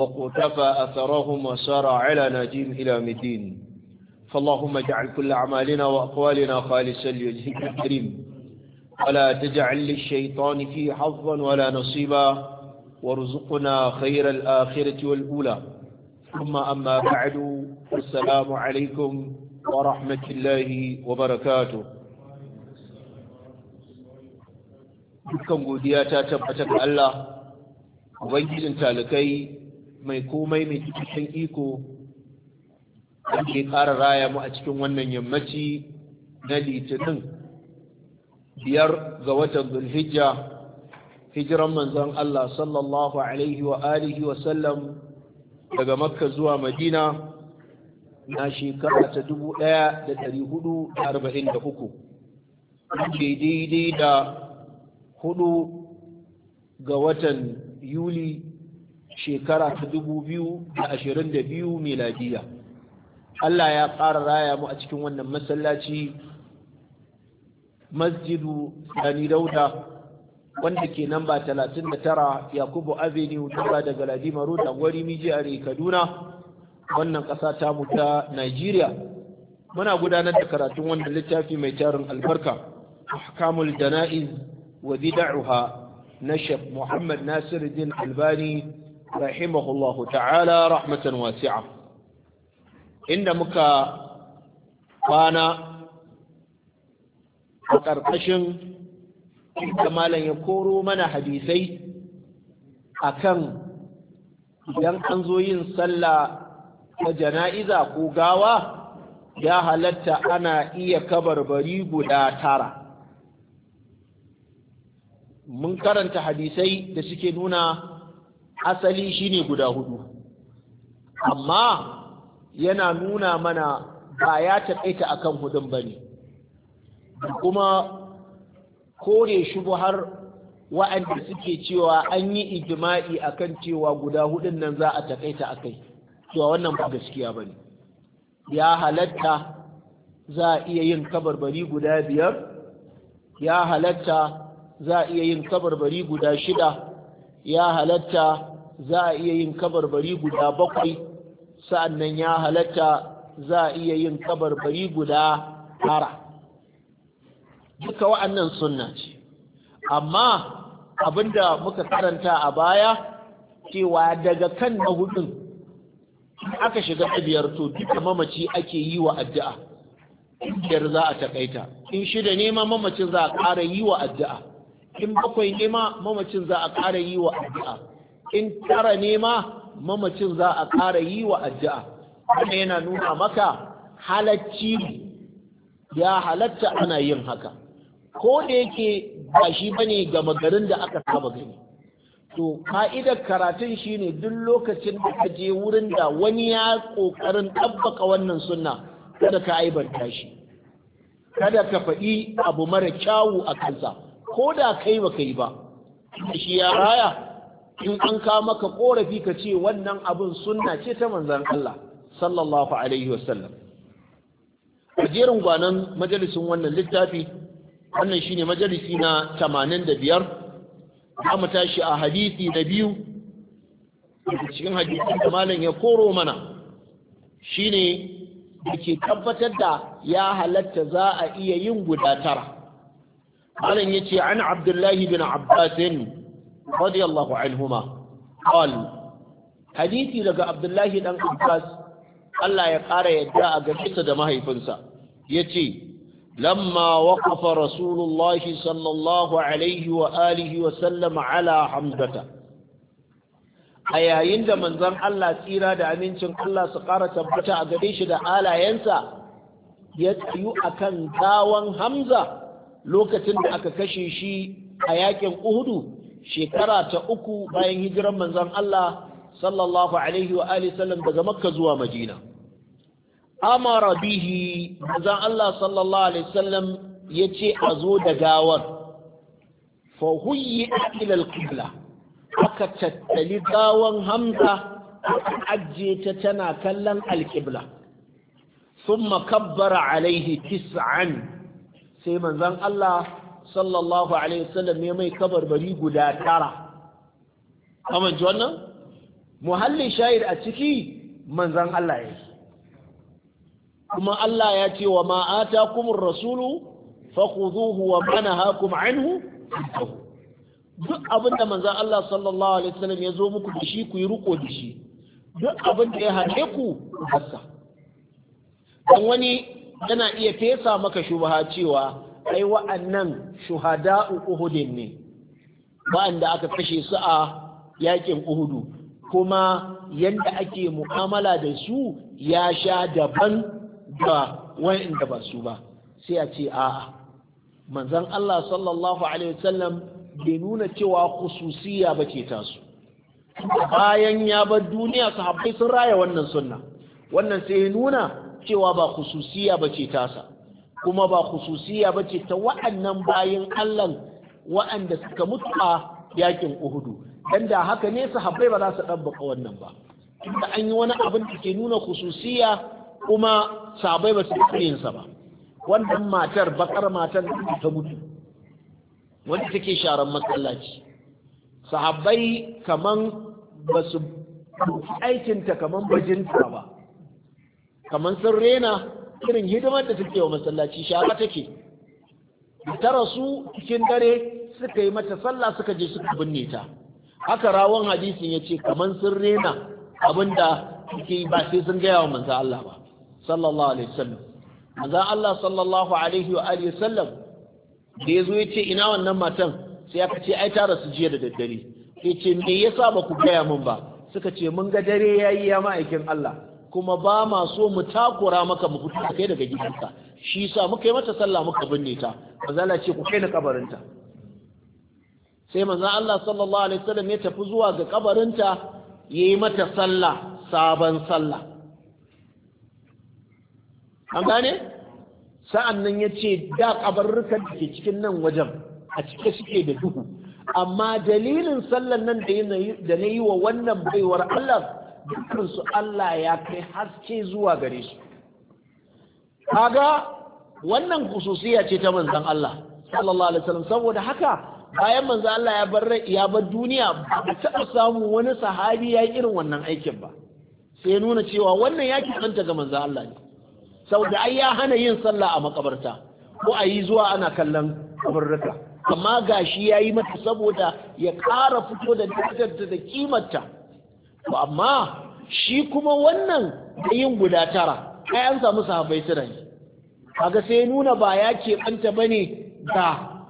وقتفى أثرهم وسار على ناجيم إلى مدين فاللهم اجعل كل أعمالنا وأقوالنا خالصا لوجهك الكريم ولا تجعل للشيطان فيه حظا ولا نصيبا وارزقنا خير الآخرة والأولى ثم أما بعد السلام عليكم ورحمة الله وبركاته dukkan godiya ta tabbatar Allah ubangijin talikai mai komai mai cikakken iko da ke ƙara raya mu a cikin wannan yammaci na litinin biyar ga watan zulhijja hijiran manzon Allah sallallahu alaihi wa alihi wa sallam daga makka zuwa madina na shekara ta dubu ɗaya da ɗari hudu da arba'in da uku daidai da hudu ga watan yuli shekara ta ashirin mai miladiya Allah ya ƙara raya mu a cikin wannan masallaci masjidu Sani Dauda wanda ke namba tara, Yakubu Avenue daga daga Ladima Road Miji a Kaduna wannan ƙasa ta mu ta Najeriya muna gudanar da karatun wannan littafi mai tarin albarka Ahkamul Jana'iz wa Bid'aha na Sheikh Muhammad Nasiruddin Albani رحمه ta'ala rahmatan wasi'a inda muka مكا a ƙarƙashin كما لن ya koro mana hadisai akan idan an zo yin sallah ta jana'iza ko gawa ya halatta ana iya kabarbari guda tara mun karanta hadisai da suke nuna asali shine guda hudu amma yana nuna mana ba ya taƙaita akan hudun bane kuma kore har wa'anda suke cewa an yi ijma'i akan cewa guda hudun nan za a taƙaita akai cewa wannan ba gaskiya bane ya halatta za a iya yin kabarbari guda biyar ya halatta za a iya yin kabarbari guda shida ya halatta za a iya yin kabarbari guda bakwai sa'annan ya halatta za a iya yin kabarbari guda tara duka wa'annan sunna ce amma abinda muka karanta a baya cewa daga kan na hudun aka shiga na to duka mamaci ake yi wa addu'a biyar za a takaita in shida ne ma mamacin za a ƙara yi wa addu'a in bakwai ne ma mamacin za a ƙara yi wa addu'a in tara nema mamacin za a ƙara yi wa addu'a wannan yana nuna maka halacci ya halatta ana yin haka ko da yake ba shi bane gama garin da aka saba gani to ka'idar karatun shine duk lokacin da ka je wurin da wani ya kokarin ɗabbaka wannan sunna kada ka aibanta shi kada ka faɗi abu mara kyawu a kansa ko da kai ba kai ba shi ya raya in an ka maka korafi ka ce wannan abin sunna ce ta manzan Allah sallallahu alaihi wasallam a jerin gwanan majalisin wannan littafi wannan shine majalisi na 85 za mu tashi a hadisi na biyu cikin hadisin da malam ya koro mana shine da ke tabbatar da ya halatta za a iya yin guda tara malam ya ce an abdullahi bin abbasin radiyallahu anhuma qal hadisi daga abdullahi dan abbas Allah ya ƙara yadda a gashi da mahaifinsa yace لما وقف رسول الله صلى الله عليه وآله وسلم على حمزة أيهين دا منظر الله سيرا دا أمينتن الله سقارة تبتا أقريش دا آلا ينسى يتأيو أكن داوان حمزة لوكة أككشيشي أياكم أهدو shekara ta uku bayan hijiran manzon Allah sallallahu alaihi wa alihi sallam daga makka zuwa madina amara bihi manzon Allah sallallahu alaihi sallam yace a zo da gawar fa huyyi ila alqibla aka tattali gawan hamza aka ajje ta tana kallon alqibla thumma kabbara alaihi tis'an sai manzon Allah sallallahu alaihi wasallam ne mai kabarbari guda tara kamar ji wannan muhallin shahid a ciki manzan Allah ya kuma Allah ya ce wa ma'ata kumin rasulu faƙuzuhu wa mana hakum anhu duk abinda manzan Allah sallallahu alaihi wasallam ya zo muku da shi ku yi riko da shi duk abinda ya hane ku hassa don wani yana iya fesa maka shubaha cewa ai wa'annan shuhada'u uhudin ne wa'anda aka kashe su a yakin uhudu kuma yanda ake mu'amala da su ya sha daban da wa'anda ba su ba sai a ce a'a manzon Allah sallallahu alaihi wasallam bai nuna cewa khususiya bace tasu bayan ya bar duniya sahabbai sun raya wannan sunna wannan sai ya nuna cewa ba khususiya bace tasa kuma ba khususiya ba ce ta wa'annan bayan Allah wa'anda suka mutu a yakin Uhudu dan da haka ne sahabbai ba za su ɗabbaka wannan ba da an yi wani abin da ke nuna khususiya kuma sahabbai ba su sa ba wannan matar bakar matar ta mutu wanda take sharan masallaci sahabbai kaman ba su aikinta kaman bajinta ba kaman sun rena irin hidimar da suke wa masallaci shara take ta rasu cikin dare suka yi mata sallah suka je suka binne ta haka rawon hadisin ya ce kaman sun rena abinda suke ba sai sun gaya wa manzan Allah ba sallallahu alaihi wasallam manzan Allah sallallahu alaihi wa alihi wasallam da yazo ce ina wannan matan sai aka ce ai ta rasu jiya da daddare sai ce me yasa ba ku gaya min ba suka ce mun ga dare yayi ya ma'aikin Allah kuma ba ma so mu takura maka mu fito kai daga gidanka shi sa muka yi mata sallah muka binne ta manzala ce ku kai na kabarinta sai manzo Allah sallallahu alaihi wasallam ya tafi zuwa ga kabarinta yayi mata sallah sabon sallah an gane sa'an nan ya ce da kabarrukan da ke cikin nan wajen a cike suke da duhu amma dalilin sallan nan da na yi wa wannan baiwar Allah dukansu Allah ya kai haske zuwa gare su kaga wannan kususiya ce ta manzan Allah sallallahu alaihi wasallam saboda haka bayan manzan Allah ya bar ya bar duniya ba taɓa samu wani sahabi ya irin wannan aikin ba sai nuna cewa wannan ya kanta ga manzan Allah ne saboda ai ya hana yin sallah a makabarta ko a yi zuwa ana kallon kabarruka amma gashi ya yi mata saboda ya ƙara fito da darajarta da kimarta amma shi kuma wannan da yin guda tara ai an samu sahabbai tara a kaga sai nuna ba ya banta ba ne da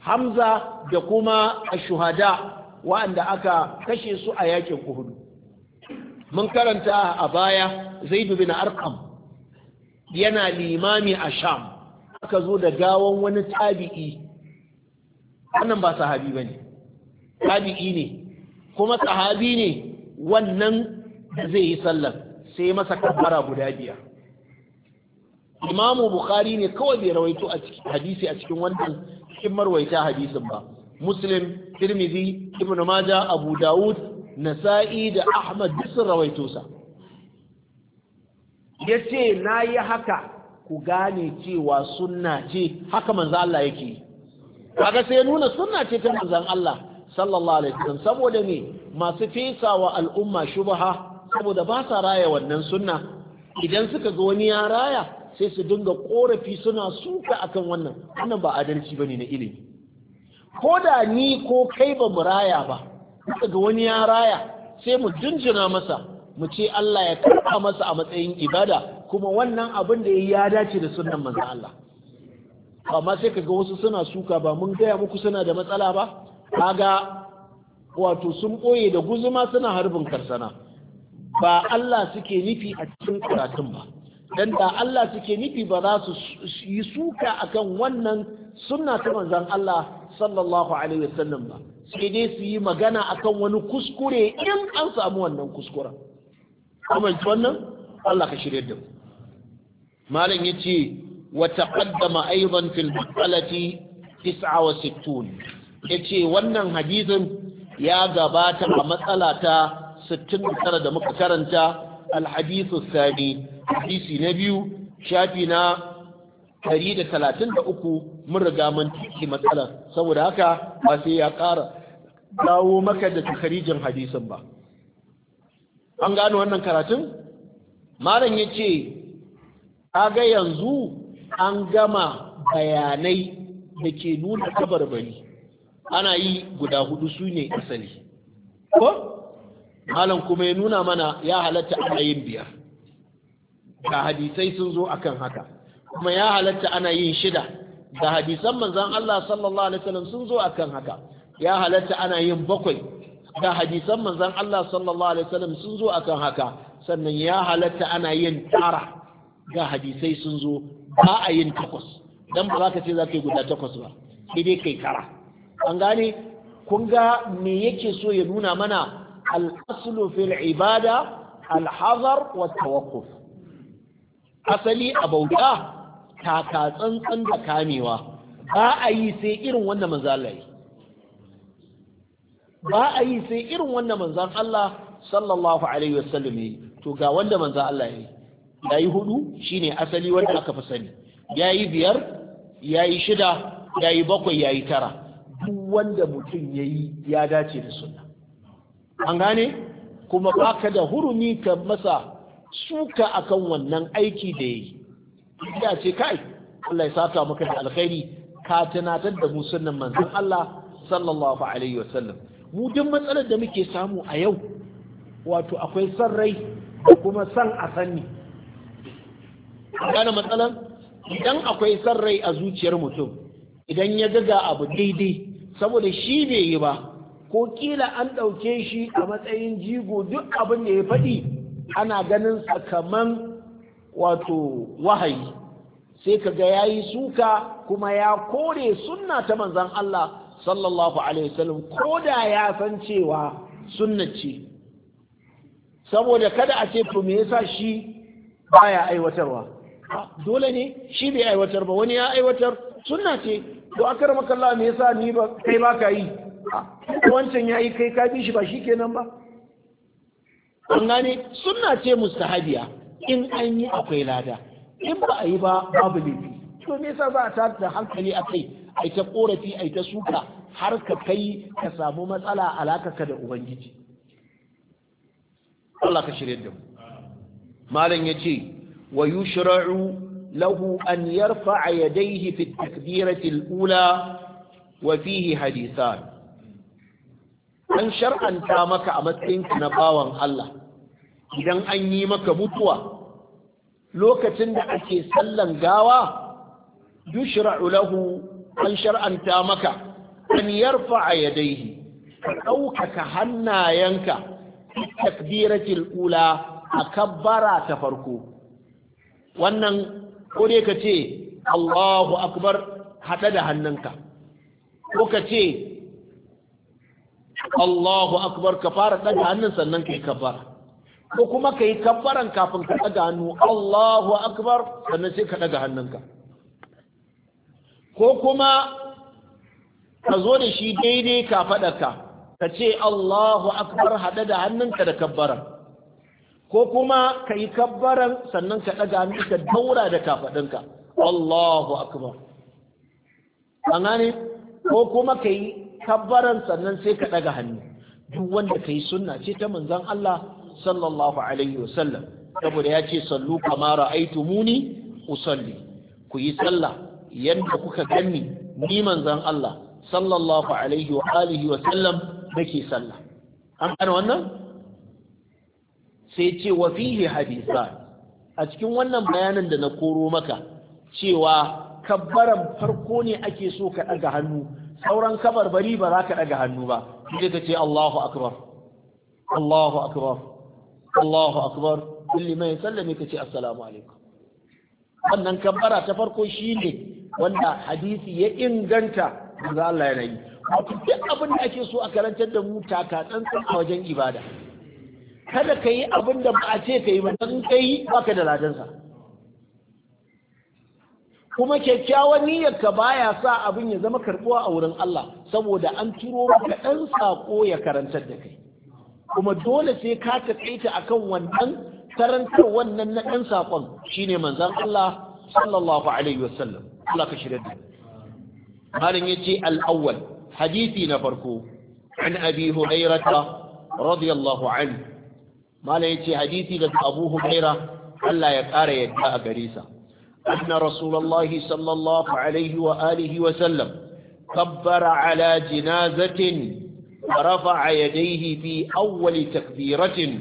hamza da kuma a shuhada wa'anda aka kashe su a yakin uhudu mun karanta a baya zaidu bin arqam yana limami a sham aka zo da gawon wani tabi'i wannan ba sahabi bane tabi'i ne kuma sahabi ne wannan da zai yi sallar sai masa kabbara guda biyar imamu bukhari ne kawai bai rawaito a cikin hadisi a cikin wannan cikin marwaita hadisin ba muslim tirmidhi ibnu maja abu dawud nasa'i da ahmad duk sun rawaito sa yace nayi haka ku gane cewa sunna ce haka manzo Allah yake kaga sai nuna sunna ce ta manzon Allah sallallahu alaihi wasallam saboda ne masu fesa wa al'umma shubha saboda ba sa raya wannan sunna idan suka ga wani ya raya sai su dinga korafi suna suka akan wannan wannan ba adalci bane na ilimi ko da ni ko kai ba mu raya ba suka ga wani ya raya sai mu jinjina masa mu ce Allah ya karba masa a matsayin ibada kuma wannan abin da ya dace da sunnan manzo Allah amma sai kaga wasu suna suka ba mun gaya muku suna da matsala ba kaga wato sun ɓoye da guzuma suna harbin karsana ba Allah suke nufi a cikin karatun ba dan da Allah suke nufi ba za su yi suka akan wannan sunna ta manzon Allah sallallahu alaihi wasallam ba sai dai su yi magana akan wani kuskure in an samu wannan kuskuren kuma wannan Allah ka shirye da mu malam yace wa taqaddama aidan fil mas'alati 69 yace wannan hadisin ya gabata a matsala ta 69 da muka karanta alhadisu sani hadisi na biyu shafi na 133 mun riga mun tiki matsalar saboda haka ba sai ya ƙara dawo maka da takarijin hadisin ba an gano wannan karatun malam ya ce ga yanzu an gama bayanai da ke nuna kabarbari ana yi guda hudu su ne asali ko malam kuma ya nuna mana ya halatta ana yin biyar ga hadisai sun zo akan haka kuma ya halatta ana yin shida ga hadisan manzan Allah sallallahu alaihi wasallam sun zo akan haka ya halatta ana yin bakwai ga hadisan manzan Allah sallallahu alaihi wasallam sun zo akan haka sannan ya halatta ana yin tara ga hadisai sun zo ba a yin takwas dan ba za ka ce za ka yi guda takwas ba sai dai kai tara an gane kun ga me yake so ya nuna mana al'aslu fil ibada alhazar wa tawakkuf asali a bauta taka tsantsan da kamewa ba a yi sai irin wannan manzalai ba a yi sai irin wanda manzan Allah sallallahu alaihi wasallam yi to ga wanda manzan Allah ya yi yayi hudu shine asali wanda aka fi sani Ya yi biyar ya yi shida ya yi bakwai ya yi tara duk wanda mutum ya yi ya dace da sunna an gane kuma baka da hurumi ka masa suka akan wannan aiki da yi. ya ce kai Allah ya saka maka da alkhairi ka tunatar da mu sunnan manzon Allah sallallahu alaihi wasallam mu duk matsalar da muke samu a yau wato akwai san rai da kuma san a sanni gane matsalar idan akwai san rai a zuciyar mutum idan ya ga abu daidai saboda shi bai yi ba ko kila an ɗauke shi a matsayin jigo duk abin da ya faɗi ana ganin sakaman wato wahayi sai ka ga ya yi suka kuma ya kore sunna ta manzan Allah sallallahu alaihi wasallam ko da ya san cewa sunna ce saboda kada a ce to me yasa shi baya aiwatarwa ah, dole ne shi bai aiwatar ba wani ya aiwatar sunna ce to akar makalla me yasa ni ba kai ba ka yi wancan ya yi kai ka shi ba shi kenan ba an gane suna ce mustahabiya in an yi akwai lada in ba a yi ba babu laifi to me yasa ba a tar da hankali a kai ai ta korafi ta suka har ka kai ka samu matsala alakaka da ubangiji Allah ka shirye da mu malam ya wa yushra'u lahu an yarfa'a yadayhi fi at-takbirati al-ula wa fihi hadithan an shar'anta maka a matsayinka na bawan Allah idan an yi maka mutuwa lokacin da ake sallan gawa yushra'u lahu an shar'anta maka an yarfa yadaihi ka ɗaukaka hannayenka takbiratil ula a kabbara ta farko wannan ko dai ka ce Allahu akbar haɗe da hannunka ko ka ce Allahu akbar ka fara ɗaga hannun sannan kai kafara ko kuma yi kafaran kafin ka daga hannu Allahu akbar sannan sai ka daga hannunka ko kuma ka zo da shi daidai ka faɗa ka ce Allahu akbar haɗe da hannunka da kabbaran ko kuma ka yi kabbaran sannan ka ɗaga hannu ka daura da kafaɗinka Allahu akbar an gane ko kuma ka yi kabbaran sannan sai ka ɗaga hannu duk wanda ka yi sunna ce ta manzon Allah sallallahu alaihi wasallam saboda ya ce sallu kamara ra'aitu muni usalli ku yi sallah yadda kuka ganni ni manzon Allah sallallahu alaihi wa alihi wa sallam nake sallah an gane wannan sai ce wa fihi a cikin wannan bayanin da na koro maka cewa kabbaran farko ne ake so ka ɗaga hannu sauran kabar bari ba za ka ɗaga hannu ba sai ka ce Allahu akbar Allahu akbar Allahu akbar kulli mai sallame ka ce assalamu alaikum wannan kabbara ta farko shine wanda hadisi ya inganta manzo Allah ya yi wato duk abin da ake so a karantar da mu taka tsantsan a wajen ibada kada ka yi abin da ba a ce ka yi ba don ka yi baka da ladansa kuma kyakkyawan niyyarka baya sa abin ya zama karbuwa a wurin Allah saboda an turo maka ɗan sako ya karantar da kai kuma dole sai ka taƙaita akan wannan karantar wannan na ɗan sakon shine manzon Allah sallallahu alaihi wasallam Allah ka shirya da malam yace al-awwal hadisi na farko an abi hurairata, radiyallahu anhu malam yace hadisi daga abu hurairah Allah ya ƙara yadda a gare sa أن رسول الله صلى الله عليه وآله وسلم كبر على جنازة ورفع يديه في أول تكبيرة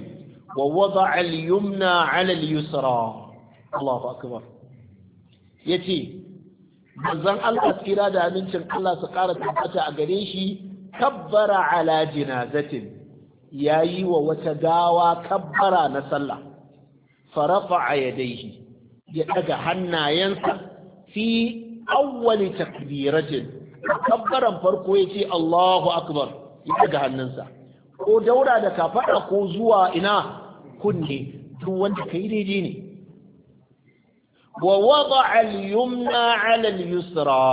ووضع اليمنى على اليسرى الله أكبر يتي manzon Allah tsira da amincin Allah su ƙara tabbata a gare shi kabbara ala jinazatin ya yi wa wata gawa kabbara na sallah farafa a ya daga hannayensa fi awwali takbiratin kabbaran farko ya ce Allahu akbar ya daga hannunsa ko daura da kafaɗa ko zuwa ina kunne duk wanda kai daidai ne wa wada al-yumna 'ala al-yusra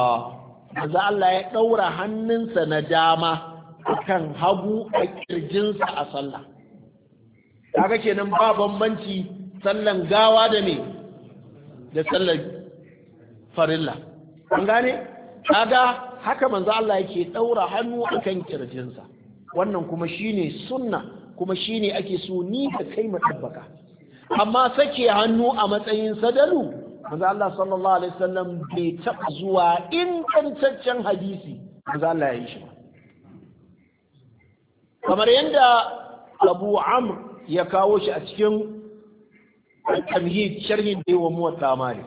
maza Allah ya daura hannunsa na dama kan hagu a kirjinsa a sallah kaga kenan ba bambanci sallan gawa da me da sallar farilla an gane kaga haka manzo Allah yake ɗaura hannu akan kirjinsa wannan kuma shine sunna kuma shine ake so ni da kai matabbaka amma sake hannu a matsayin sadalu manzo Allah sallallahu alaihi wasallam bai taɓa zuwa ingantaccen hadisi manzo Allah ya yi shi kamar yadda Abu Amr ya kawo shi a cikin al-tamhid sharhin da yawa muwatta malik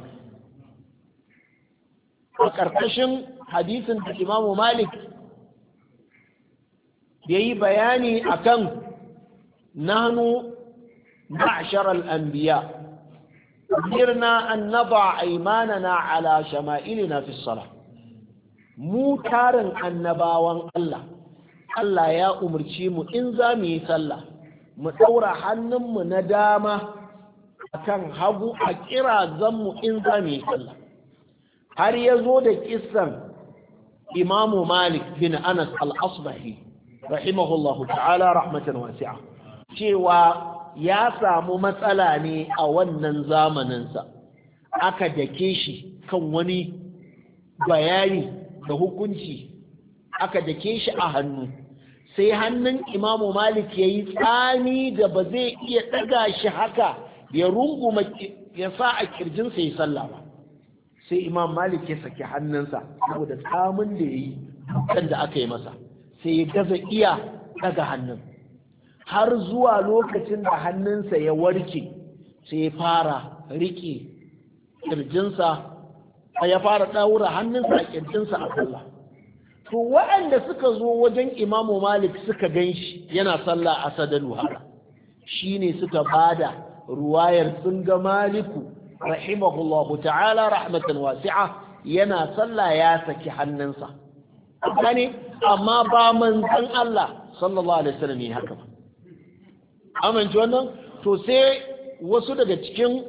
a ƙarƙashin hadisin da imamu malik ya yi bayani akan nahnu ma'shar al-anbiya أمرنا أن نضع أيماننا ala شمائلنا na الصلاة mu tarin annabawan Allah Allah ya umarci mu in za mu yi sallah mu ɗaura hannunmu na dama akan hagu a zanmu in za mu yi sallah har ya zo da kissan imamu malik bin anas al-asbahi rahimahullahu ta'ala rahmatan wasi'a cewa ya samu matsala ne a wannan zamaninsa aka dake shi kan wani bayani da hukunci aka dake shi a hannu sai hannun imamu malik ya yi tsami da ba zai iya ɗaga shi haka ya runguma ya sa a kirjinsa ya sallah ba sai imam malik ya saki hannunsa saboda tsamin da ya yi kan da aka yi masa sai ya gaza iya daga hannun har zuwa lokacin da hannunsa ya warke sai ya fara riƙe kirjinsa ya fara ɗaura hannunsa a kirjinsa a sallah to waɗanda suka zo wajen imamu malik suka ganshi yana sallah a sadar shi ne suka bada ruwayar sun ga maliku rahimahullahu ta'ala rahmatan wasi'a yana sallah ya saki hannunsa kani amma ba manzon Allah sallallahu alaihi wasallam yi haka ba amince wannan to sai wasu daga cikin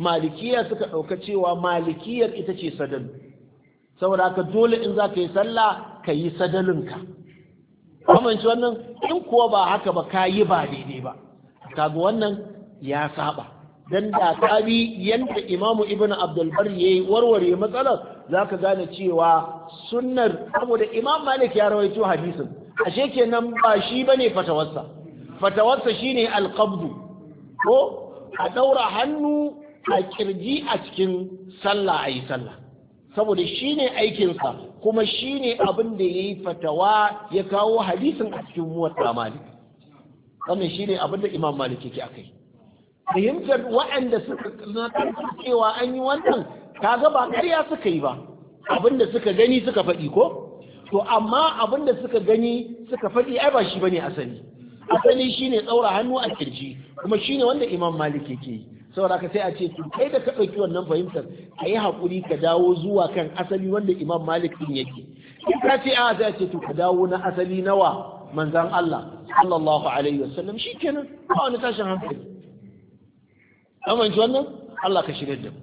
malikiya suka dauka cewa malikiyar ita ce sadal saboda ka dole in za ka yi sallah ka yi sadalinka amince wannan in kuwa ba haka ba ka yi ba daidai ba kaga wannan ya saba dan da ka bi yanda imamu ibnu Abdulbar bar yayi warware matsalar zaka gane cewa sunnar saboda imam malik ya rawaito hadisin ashe kenan ba shi bane fatawarsa fatawarsa shine alkabdu ko a daura hannu a kirji a cikin sallah ayi sallah saboda shine aikinsa kuma shine abin da yayi fatawa ya kawo hadisin a cikin muwatta malik wannan shine abin da imam malik yake akai fahimtar waɗanda suka cewa an yi wannan kaga ba ƙarya suka yi ba abinda suka gani suka faɗi ko to amma abinda suka gani suka faɗi ai ba shi bane asali asali shine tsaura hannu a kirji kuma shine wanda imam malik yake yi saboda ka sai a ce to kai da ka ɗauki wannan fahimtar ka yi haƙuri ka dawo zuwa kan asali wanda imam malik din yake in ka ce a sai a ce to ka dawo na asali nawa Manzan Allah sallallahu alaihi wasallam shikenan ba wani tashin hankali amince wannan Allah ka shirya da mu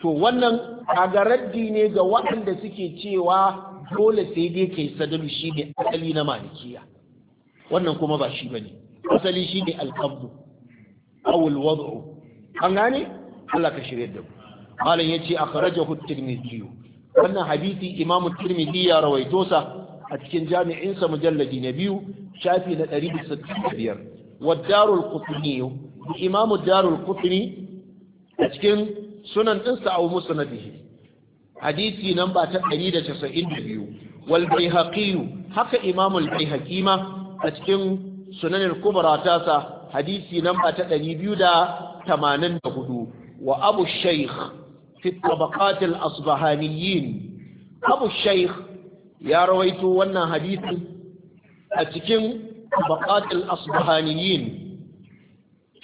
to wannan agaraddi ne ga waɗanda suke cewa dole sai dai kai sadalu shi ne asali na malikiya wannan kuma ba shi bane asali shi ne alqabdu aw alwad'u an gane Allah ka shirya da mu malam yace akhrajahu at-tirmidhi wannan hadisi imamu tirmidhi ya rawaito sa a cikin jami'insa mujalladi na biyu shafi na 165 wa darul qutni imamu darul qutni a cikin sunan ɗinsa a bihi hadisi namba ta ɗari da da casa'in biyu wal baihaqi haka imamu al haƙi ma a cikin sunan al kubra ta sa hadisi namba ta hudu wa abu shaykh fi tabaqat al asbahaniyin abu shaykh ya rawaito wannan hadisi a cikin tabaqat al asbahaniyin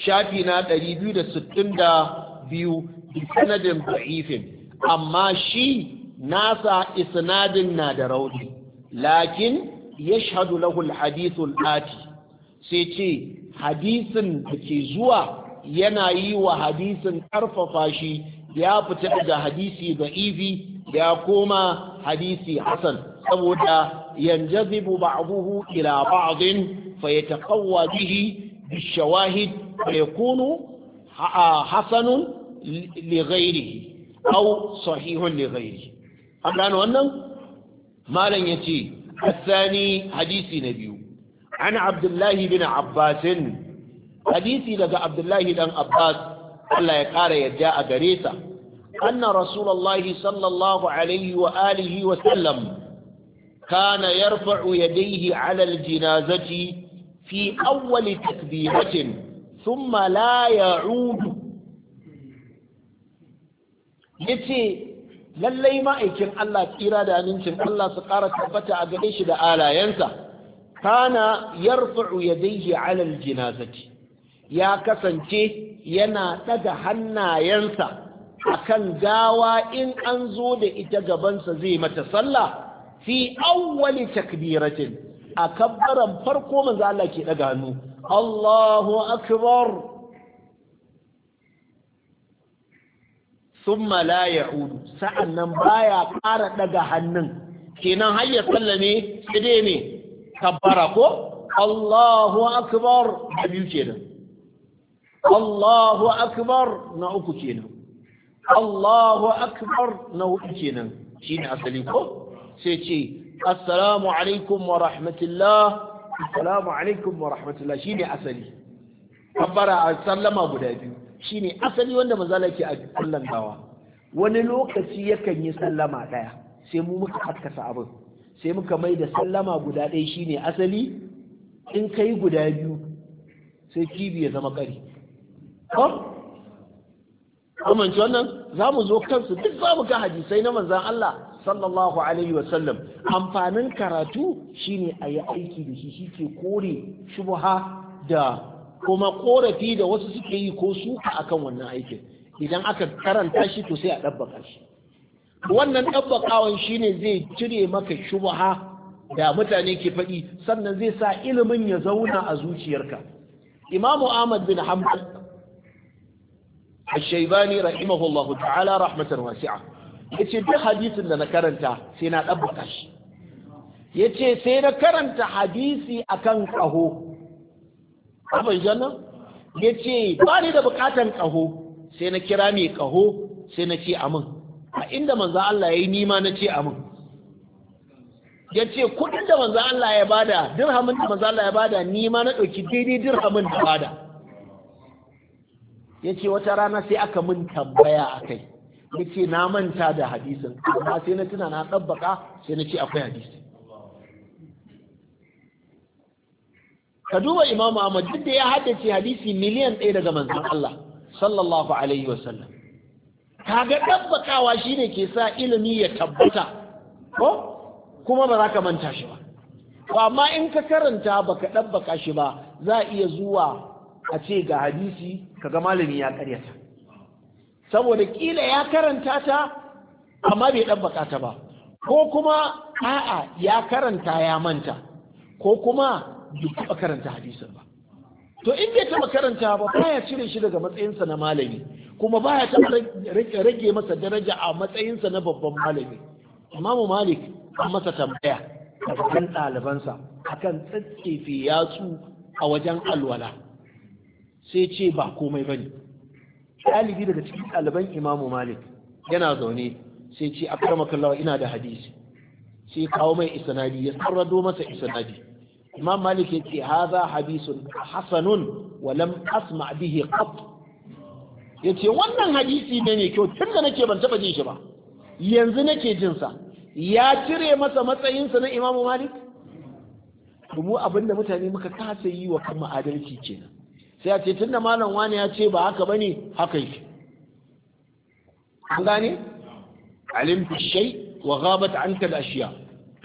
shafi na 262 bi sanadin ba'ifin, amma shi nasa isnadin na da rauni lakin yashhadu lahul alhadith ati sai ce hadisin da ke zuwa yana yi wa hadisin karfafa shi ya fita daga hadisi da'ifi ya koma hadisi hasan saboda yanjazibu ba'dahu ila ba'din fayataqawwa bihi bishawahid fayakunu hasanun ligairi au sahihun ligairi an gano wannan malam ya ce hassani hadisi na biyu an abdullahi bin abbasin hadisi daga abdullahi dan abbas allah ya kara yadda a gare sa أن رسول الله صلى الله عليه وآله وسلم كان يرفع يديه على الجنازة في أول تكبيرة thumma la ya'udu yace lallai ma'aikin Allah tsira da amincin Allah su ƙara tabbata a gare shi da alayensa kana yarfa'u ya 'ala al-janazati ya kasance yana ɗaga hannayensa akan gawa in an zo da ita gabansa zai mata sallah fi awwali takbiratin a kabbaran farko manzo Allah ke ɗaga hannu الله أكبر thumma la ya'udu sa'annan baya ƙara daga hannun kenan har ya sallame sai dai Allahu akbar da biyu kenan Allahu akbar na uku kenan Allahu akbar na hudu kenan asali ko sai assalamu alaikum wa rahmatullah assalamu alaikum wa rahmatullah shine asali kabbara a sallama guda biyu shine asali wanda manzala ke a kullantawa wani lokaci yakan yi sallama ɗaya, sai mu muka haskasa abin sai muka mai da sallama guda ɗaya shine asali in kai guda biyu sai kibi ya zama ƙari amince wannan za mu zo kansu duk za mu ga hadisai na manzan Allah sallallahu alaihi wasallam amfanin karatu shine a yi aiki da shi shike kore shubha da kuma korafi da wasu suke yi ko suka akan wannan aikin idan aka karanta shi to sai a ɗabbaka shi wannan ɗabbakawan shine zai cire maka shubha da mutane ke faɗi sannan zai sa ilimin ya zauna a zuciyarka imamu ahmad bin hanbal الشيباني رحمه الله تعالى رحمة واسعة yace duk hadisin da na karanta sai na ɗabbaka shi yace sai na karanta hadisi akan ƙaho abin ya yace ba ni da bukatan ƙaho sai na kira mai ƙaho sai na ce amin a inda manzo Allah ya yi nima na ce amin ya ce kudin da manzo Allah ya bada dirhamin da manzo Allah ya bada ni ma na ɗauki daidai dirhamin da bada ya ce wata rana sai aka mun tambaya a kai yace na manta da hadisin amma sai na tuna na tsabbaka sai na ce akwai hadisi ka duba imamu Ahmad duk da ya haddace hadisi miliyan ɗaya daga manzan Allah sallallahu alaihi wasallam kaga tabbakawa shine ke sa ilimi ya tabbata ko kuma ba za ka manta shi ba to amma in ka karanta ba ka ɗabbaka shi ba za a iya zuwa a ce ga hadisi kaga malami ya karyata saboda kila ya karanta ta amma bai dan bakata ba ko kuma a'a ya karanta ya manta ko kuma bai taba karanta hadisin ba to in bai taba karanta ba baya cire shi daga matsayinsa na malami kuma baya taba rage masa daraja a matsayinsa na babban malami imamu malik an masa tambaya a cikin ɗalibansa akan tsatsefe yatsu a wajen alwala sai ce ba komai bane ɗalibi daga cikin ɗaliban imamu malik yana zaune sai ce akrama kallawa ina da hadisi sai kawo mai isanadi, ya sarrado masa isanadi. imam malik ya ce haza hadisun hasanun Walam asma bihi qat ya ce wannan hadisi ne mai kyau tun da nake ban taɓa jin shi ba yanzu nake jin sa ya cire masa matsayinsa na imamu malik mu abinda mutane muka kasa yi wa kan adalci kenan sai a ce tun da malam wani ya ce ba haka ba ne haka yake an gane alimtu shai wa ta anka shiya.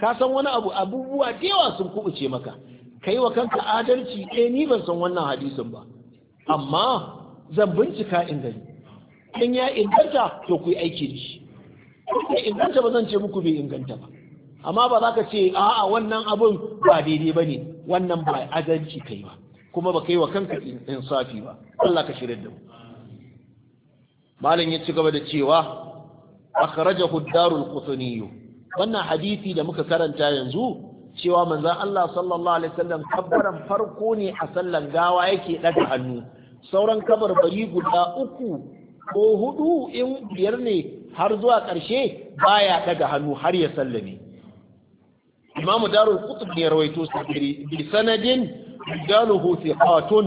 ka san wani abu abubuwa da yawa sun kubuce maka kai wa kanka adalci eh ni ban san wannan hadisin ba amma zan bincika in gani in ya inganta to ku yi aiki da shi ya inganta ba zan ce muku bai inganta ba amma ba za ka ce a'a wannan abun ba daidai ba ne wannan ba adalci kai ba kuma ba yi wa kanka insafi ba Allah ka shirye da mu malam ya ci gaba da cewa akhrajahu ad-darul qutni wannan hadisi da muka karanta yanzu cewa manzon Allah sallallahu alaihi wasallam farko ne a sallan gawa yake daga hannu sauran bari guda uku ko hudu in biyar ne har zuwa ƙarshe baya daga hannu har ya sallame imamu darul qutb ne rawaito sabiri bi sanadin rijaluhu thiqatun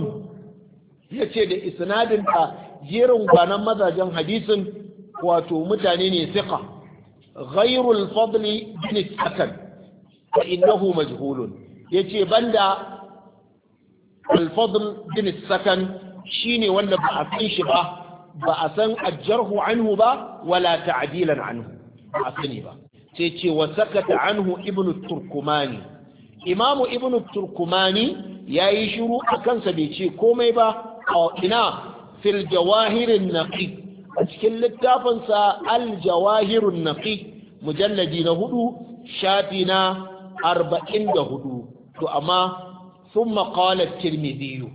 yace da isnadin ta jerin gwanan mazajen hadisin wato mutane ne thiqa ghayrul fadli bin sakan fa innahu majhulun yace banda al-fadl bin sakan shine wanda ba a san shi ba ba a san ajarhu anhu ba wala ta'dilan anhu ba a sani ba sai ce wa sakata anhu ibnu turkumani imamu ibnu turkumani ya yi shiru a kansa bai ce komai ba a ina fil jawahirin naqi a cikin littafinsa al jawahirun naqi mujalladi na hudu shafi na arba'in da hudu to amma sun maƙalar tirmidhiyu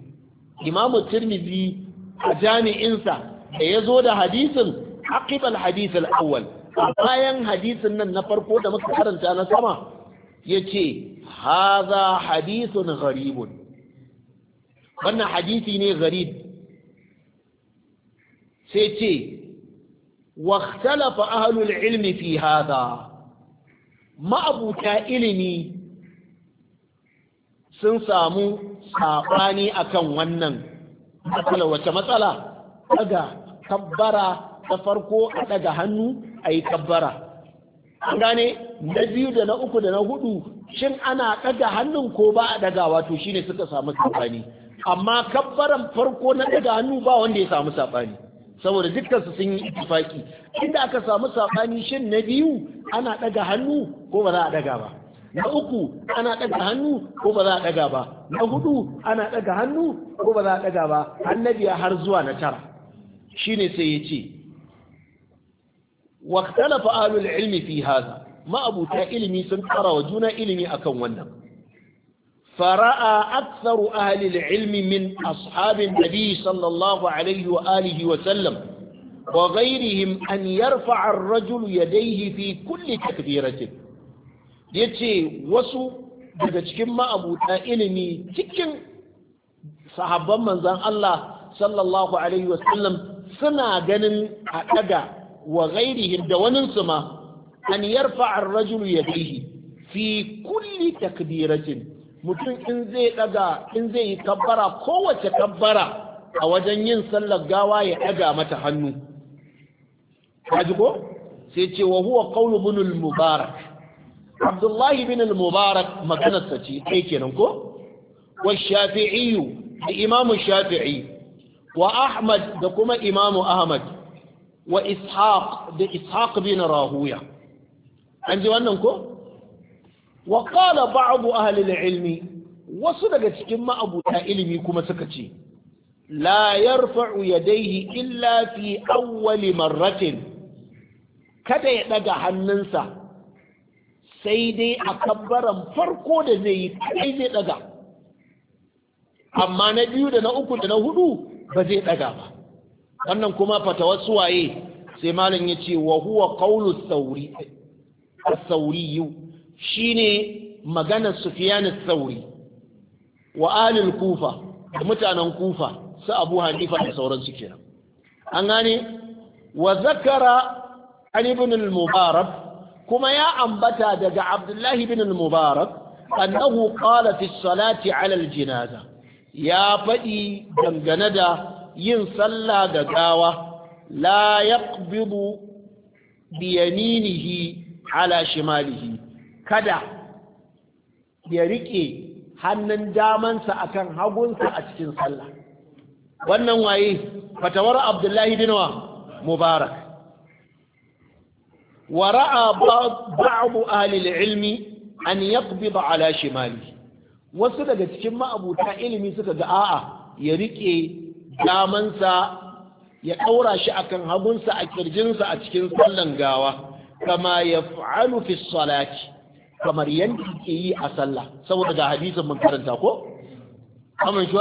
imamu tirmidhi a jami'insa da ya zo da hadisin aqibal hadisin al A bayan hadisin nan na farko da muka karanta na sama ya ce haza hadithun gharibun wannan hadisi ne gari sai ce واختلف أهل العلم في هذا ما أبو تائلني سنسامو ساباني أكن ونن مثلا وتمثلا أدى كبرا تفرقو أدى هنو أي كبرا gane na biyu da na uku da na hudu shin ana ɗaga hannun ko ba a ɗagawa to shine suka samu sabani amma kabbaran farko na daga hannu ba wanda ya samu saɓani saboda dukkan su sun yi ittifaki inda aka samu saɓani shin na biyu ana daga hannu ko ba za a daga ba na uku ana daga hannu ko ba za a daga ba na hudu ana daga hannu ko ba za a daga ba annabi har zuwa na tara shine sai ya ce waqtalafa ilmi fi hadha ma abuta ilimi sun kara wa juna ilimi akan wannan fara'a aktharu ahli al-ilmi min ashabin nabi sallallahu alaihi wa alihi wa sallam wa an yarfa'a ar-rajulu yadayhi fi kulli takbiratin yace wasu daga cikin ma'abuta ilimi cikin sahabban manzon Allah sallallahu alaihi wa sallam suna ganin a daga wa da waninsu ma an yarfa ar-rajulu fi kulli takbiratin mutum in zai daga in zai yi kabbara kowace kabbara a wajen yin sallar gawa ya daga mata hannu kaji ko sai ce wa huwa qawlu ibn mubarak abdullahi ibn mubarak maganarsa ce kai kenan ko wa shafi'i da imam shafi'i wa ahmad da kuma imam ahmad wa ishaq da ishaq bin rahuya an ji wannan ko wa qala ba'd a halin ilmi wasu daga cikin ma'abuta ilimi kuma suka ce la ya daihi, illa fi awwali marratin kada ya daga hannunsa sai dai a kabbaran farko da zai yi kai zai daga amma na biyu da na uku da na hudu ba zai daga ba wannan kuma wasu waye, sai malam ya ce wa huwa sauri yau. shine maganar Sufyan sauri wa alil Kufa da mutanen Kufa su Abu Hanifa da sauransu kenan an gane wa zakara an ibn al-Mubarak kuma ya ambata daga Abdullahi ibn al-Mubarak annahu qala fi salati ala al-janaza ya faɗi dangane da yin sallah ga gawa la yaqbidu bi yaminihi ala shimalihi kada ya riƙe hannun damansa akan hagunsa a cikin sallah wannan waye fatawar abdullahi dinwa mubarak wara'a ba'abu ahlil ilmi an ba ala shimali wasu daga cikin ma'abuta ilimi suka ga a'a ya riƙe damansa ya ɗaura shi akan hagunsa a kirjinsa a cikin sallan gawa kama ya fa'alu salati kamar yadda yake yi a sallah saboda ga hadisin mun karanta ko shi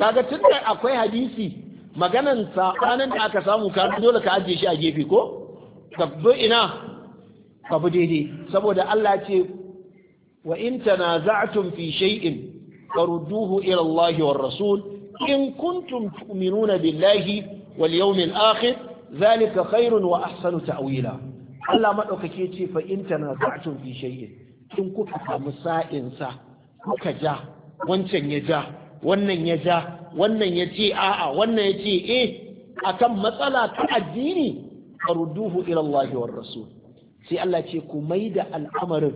kaga tunda akwai hadisi maganan sabanin da aka samu ka dole ka ajiye shi a gefe ko ka ina ka bi daidai saboda Allah ce wa in tanaza'tum fi shay'in farudduhu ila Allah war rasul in kuntum tu'minuna billahi wal yawmil akhir zalika khairun wa ahsanu ta'awila. Allah maɗaukaki ce fa na ba'tun fi in kuka samu sa'insa kuka ja wancan ya ja wannan ya ja wannan ya ce a'a wannan ya ce eh akan matsala ta addini farudduhu ila Allah wa rasul sai Allah ce ku da al'amarin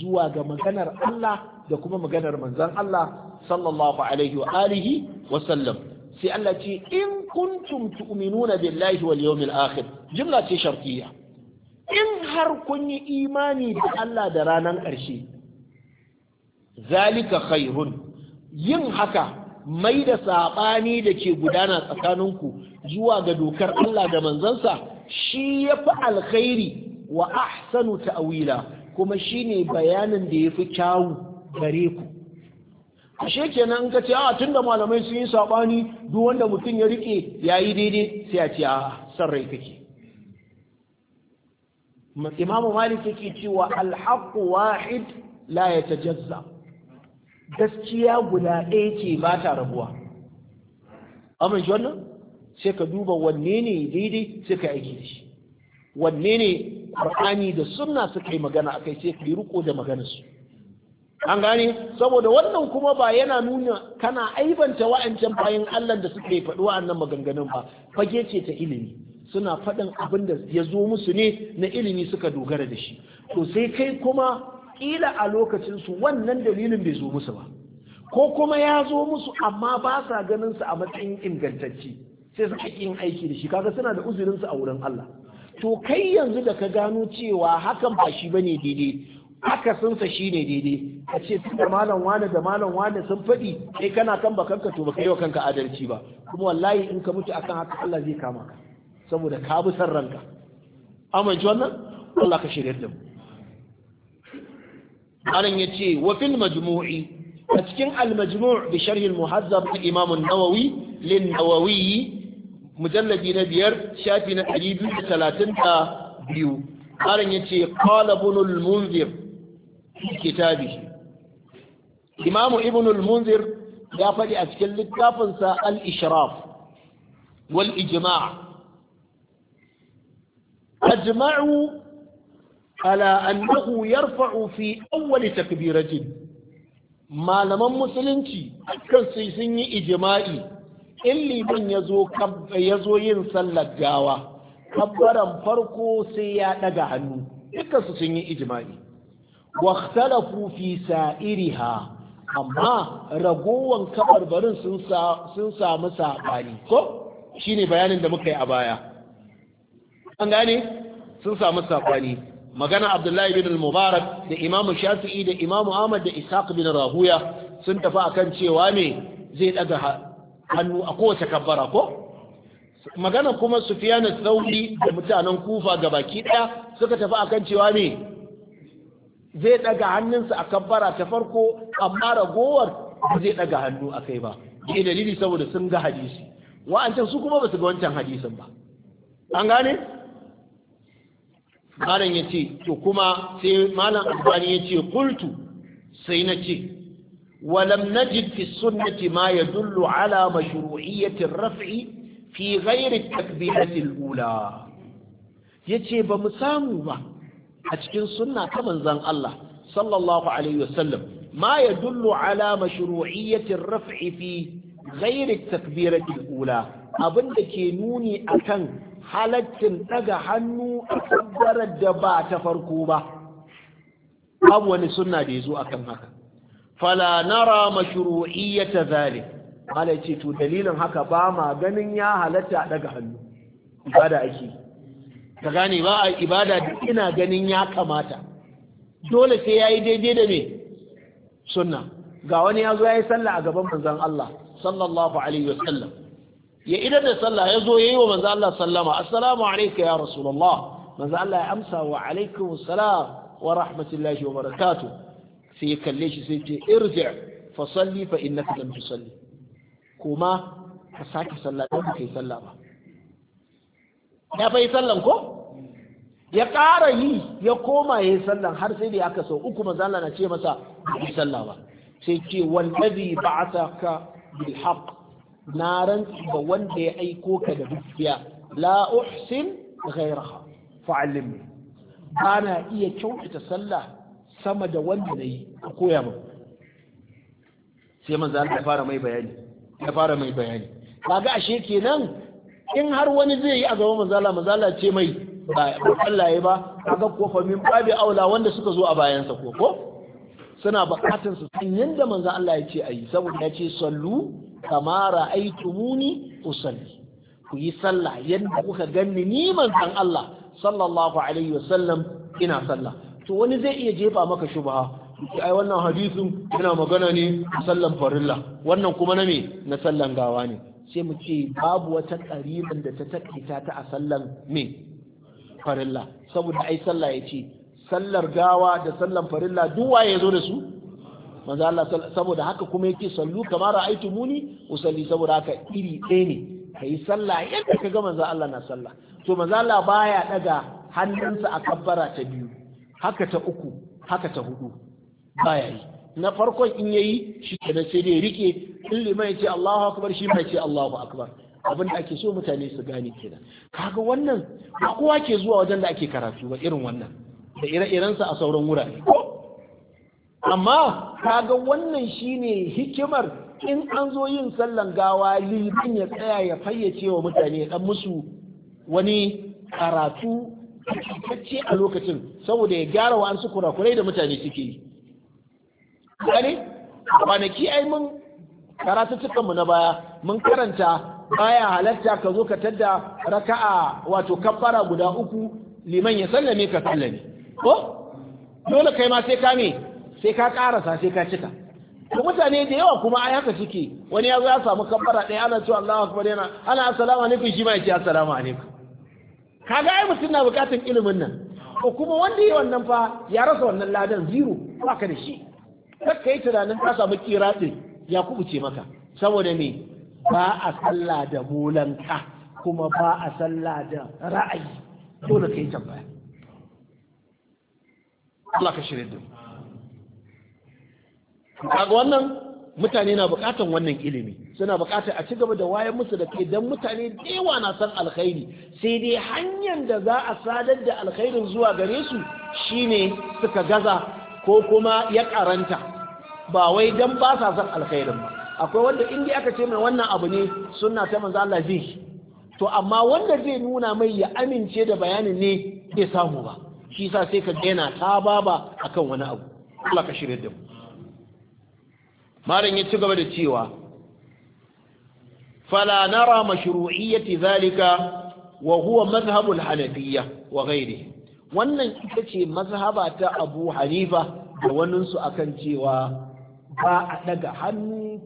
zuwa ga maganar Allah da kuma maganar manzon Allah sallallahu alaihi wa alihi wa sallam sai Allah ce in kuntum tu'minuna billahi wal yawmil akhir jumla ce shartiyya in har kun yi imani da Allah da ranar ƙarshe zalika khairun yin haka mai da saɓani da ke gudana tsakaninku zuwa ga dokar Allah da manzansa shi ya fi alkhairi wa ahsanu ta'wila kuma shi ne bayanin da ya fi kyawu gare ku ashe kenan ka ce a ah, tunda malamai sun yi saɓani duk wanda mutum ya rike yayi daidai sai a ce a san rai kake imamu malik yake cewa alhaku wahid la yatajazza gaskiya guda ɗaya ce ba ta rabuwa amin shi wannan sai ka duba wanne ne daidai sai ka aiki da shi wanne ne Qur'ani da sunna suka yi magana akai sai ka riko da maganarsu an gane saboda wannan kuma ba yana nuna kana aibanta wa'ancan bayan Allah da suka yi faɗi annan maganganun ba fage ce ta ilimi suna faɗin abin da ya zo musu ne na ilimi suka dogara da shi to sai kai kuma ƙila a lokacinsu wannan dalilin bai zo musu ba ko kuma ya zo musu amma ba sa ganin su a matsayin ingantacce sai su ƙi yin aiki da shi kaga suna da su a wurin Allah to kai yanzu da ka gano cewa hakan ba shi bane daidai akasinsa shi ne daidai a ce da malam wane da malam wane sun faɗi kai kana kan bakanka to baka yi wa kanka adalci ba kuma wallahi in ka mutu akan haka Allah zai kama ka saboda ka bi san ranka amince wannan Allah ka shirya da mu anan yace wa fil majmu'i a cikin al majmu' bi sharh al muhazzab al imam an-nawawi lin nawawi mujalladi na biyar shafi na 232 anan yace qala ibn al munzir kitabihi imam ibn al munzir ya faɗi a cikin littafinsa al ishraf wal ijma' أجمعوا على أنه يرفع Malaman musulunci تكبيرة su sun yi ijima'i. سيسني إجماعي إلي من يزو, كب... يزو ينسل الجاوة كبرا فرقو سيئة جهنم Dukkan su sun yi ijimai, waktalafu iri ha. amma ragowar kabarbarin sun samu saɓani, ko shi ne bayanin da muka yi a baya. an gane sun samu saɓani magana abdullahi bin al-mubarak da imamu shafi'i da imamu ahmad da ishaq bin rahuya sun tafi akan cewa ne zai daga hannu a kowace kabbara ko magana kuma sufyan sauri da mutanen kufa ga baki ɗaya suka tafi akan cewa ne zai daga hannunsa a kabbara ta farko amma ragowar zai daga hannu a kai ba ke dalili saboda sun ga hadisi wa'ancan su kuma ba su ga wancan hadisin ba an gane malam ya ce to kuma sai malam albani ya ce kultu sai na ce walam najid fi sunnati ma yadullu ala mashru'iyyati raf'i fi ghairi takbirati al-ula yace ba mu samu ba a cikin sunna ta manzon Allah sallallahu alaihi wasallam ma yadullu ala mashru'iyyati raf'i fi ghairi takbirati al-ula abinda ke nuni akan halaccin daga hannu a kaddarar da ba ta farko ba babu wani sunna da ya zo akan haka fala nara mashru'iyyata ta zale. to dalilin haka ba ma ganin ya halatta daga hannu ibada ake ta gane ba a ibada da ina ganin ya kamata dole sai ya yi daidai da ne sunna ga wani ya zo ya yi sallah a gaban manzan Allah sallallahu alaihi wasallam ya idan da sallah ya zo ya yi wa manzo Allah sallama assalamu alayka ya rasulullah manzo Allah ya amsa wa alaikum assalam wa rahmatullahi wa barakatuh sai ya kalle shi sai ce irji fa salli fa innaka lam tusalli kuma ka sake sallah da ka yi sallah ba ya fa yi sallan ko ya ƙara yi ya koma ya yi sallan har sai da aka sau uku manzo Allah na ce masa ba yi sallah ba sai ce wallazi ba'athaka bil haqq naran rantsi ga wanda ya aiko ka da dukiya la uhsin ghayraha fa'allimni ba na iya kyautata sallah sama da wanda na yi a koya ba sai manzo Allah ya fara mai bayani ya fara mai bayani kaga ashe kenan in har wani zai yi a gaban manzo Allah manzo Allah ce mai ba Allah ya ba kaga ko fa min babi aula wanda suka zo a bayansa ko ko suna buƙatar su san yanda manzo Allah ya ce ayi saboda ya ce sallu kama ra'aytumuni usalli ku yi sallah yadda kuka ganni ni manzon Allah sallallahu alaihi wasallam ina sallah to wani zai iya jefa maka shubha ki ai wannan hadisin yana magana ne sallan farilla wannan kuma na me na sallan gawa ne sai mu ce babu wata ƙariban da ta takaita ta a sallan me farilla saboda ai sallah ya ce sallar gawa da sallan farilla duk waye ya zo da su manzo Allah saboda haka kuma yake sallu kamar ra'aytu muni usalli saboda haka iri ɗaya ne kai sallah yadda ka ga manzo Allah na sallah to manzo Allah baya daga hannunsa a kabbara ta biyu haka ta uku haka ta hudu baya yi na farkon in yayi shi kenan sai dai rike in liman ya ce Allahu akbar shi ma ya ce Allahu akbar abin da ake so mutane su gane kenan kaga wannan kowa ke zuwa wajen da ake karatu ba irin wannan da ire-irensa a sauran wurare ko amma kaga wannan shine hikimar in an zo yin sallan gawa liman ya tsaya ya fayyace wa mutane dan musu wani karatu cikakke a lokacin saboda ya gyara wa an su kurakurai da mutane suke yi gane kwanaki ai mun karatuttukan mu na baya mun karanta baya halatta ka zo ka tadda raka'a wato kafara guda uku liman ya sallame ka sallame ko dole kai ma sai ka ne sai ka karasa sai ka cika to mutane da yawa kuma ai haka suke wani ya zo ya samu kabbara ɗaya ana cewa Allahu akbar yana ana assalamu alaikum shi ma yake assalamu alaikum kaga ai mutum na bukatun ilimin nan ko kuma wanda yayi wannan fa ya rasa wannan ladan zero baka da shi kar yi tunanin ka samu kiratin ya kubuce maka saboda me ba a sallah da molanka kuma ba a sallah da ra'ayi dole kai tambaya Allah ka shirye da mu kaga wannan mutane na bukatan wannan ilimi suna bukatar a ci gaba da wayar musu da kai don mutane da yawa na san alkhairi sai dai hanyar da za a sadar da alkhairin zuwa gare su shine suka gaza ko kuma ya karanta ba wai don ba sa san alkhairin ba akwai wanda in aka ce mai wannan abu ne suna ta manzo Allah zai to amma wanda zai nuna mai ya amince da bayanin ne bai samu ba shi sa sai ka daina ta baba akan wani abu Allah ka shirye da mu malam ya ci gaba da cewa fala nara mashru'iyyati zalika wa huwa mazhabu al-hanafiyya wa ghairihi wannan ita ce mazhaba ta Abu Hanifa da su akan cewa ba a daga hannu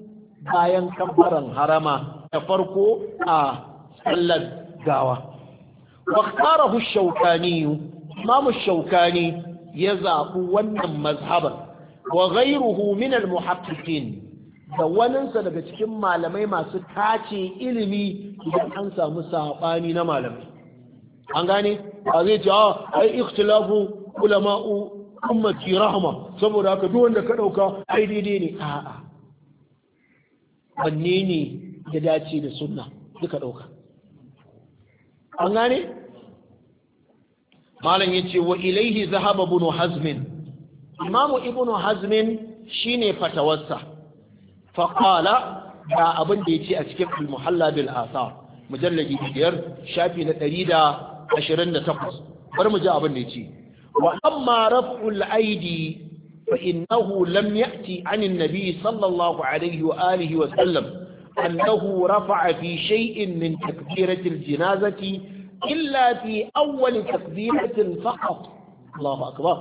bayan kambaran harama da farko a tsallar gawa. Waktarahu shaukani, imamu shaukani ya zaɓi wannan mazhaban. wa ghayruhu min al-muhaqqiqin da waninsa daga cikin malamai masu tace ilimi idan an samu saɓani na malamai an gane ba zai ce a ah, ai ikhtilafu ulama'u ummati rahma saboda haka duk wanda ka dauka ai daidai ne a'a wanne ne ya dace da sunna duka dauka an gane malam yace wa ilaihi zahaba bunu hazmin imamu ibnu hazmin shine fatawarsa faƙala da abin da ya ce a cikin al-muhalla bil asar mujalladi biyar shafi na ɗari da ashirin da takwas bar mu ji abin da ya wa amma raf'ul aidi fa innahu lam ya'ti an annabi sallallahu alaihi wa alihi wa sallam annahu rafa'a fi shay'in min takbirati al-janazati illa fi awwal takbiratin faqat Allahu akbar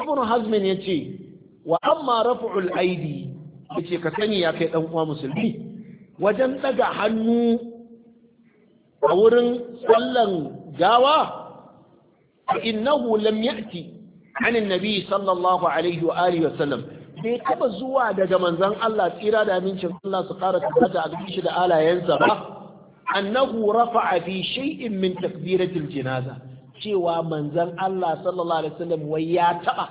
ibn hazmin ya ce wa amma raf'ul aidi ya ce ka sani ya kai ɗan uwa musulmi wajen ɗaga hannu a wurin sallan gawa innahu lam ya'ti عن النبي صلى الله عليه وآله وسلم bai taba zuwa daga manzon Allah tsira da amincin Allah su ƙara tabbata a gaban shi da alayensa ba annahu rafa'a fi shay'in min takbiratil janaza cewa manzan Allah sallallahu alaihi wasallam wai ya taɓa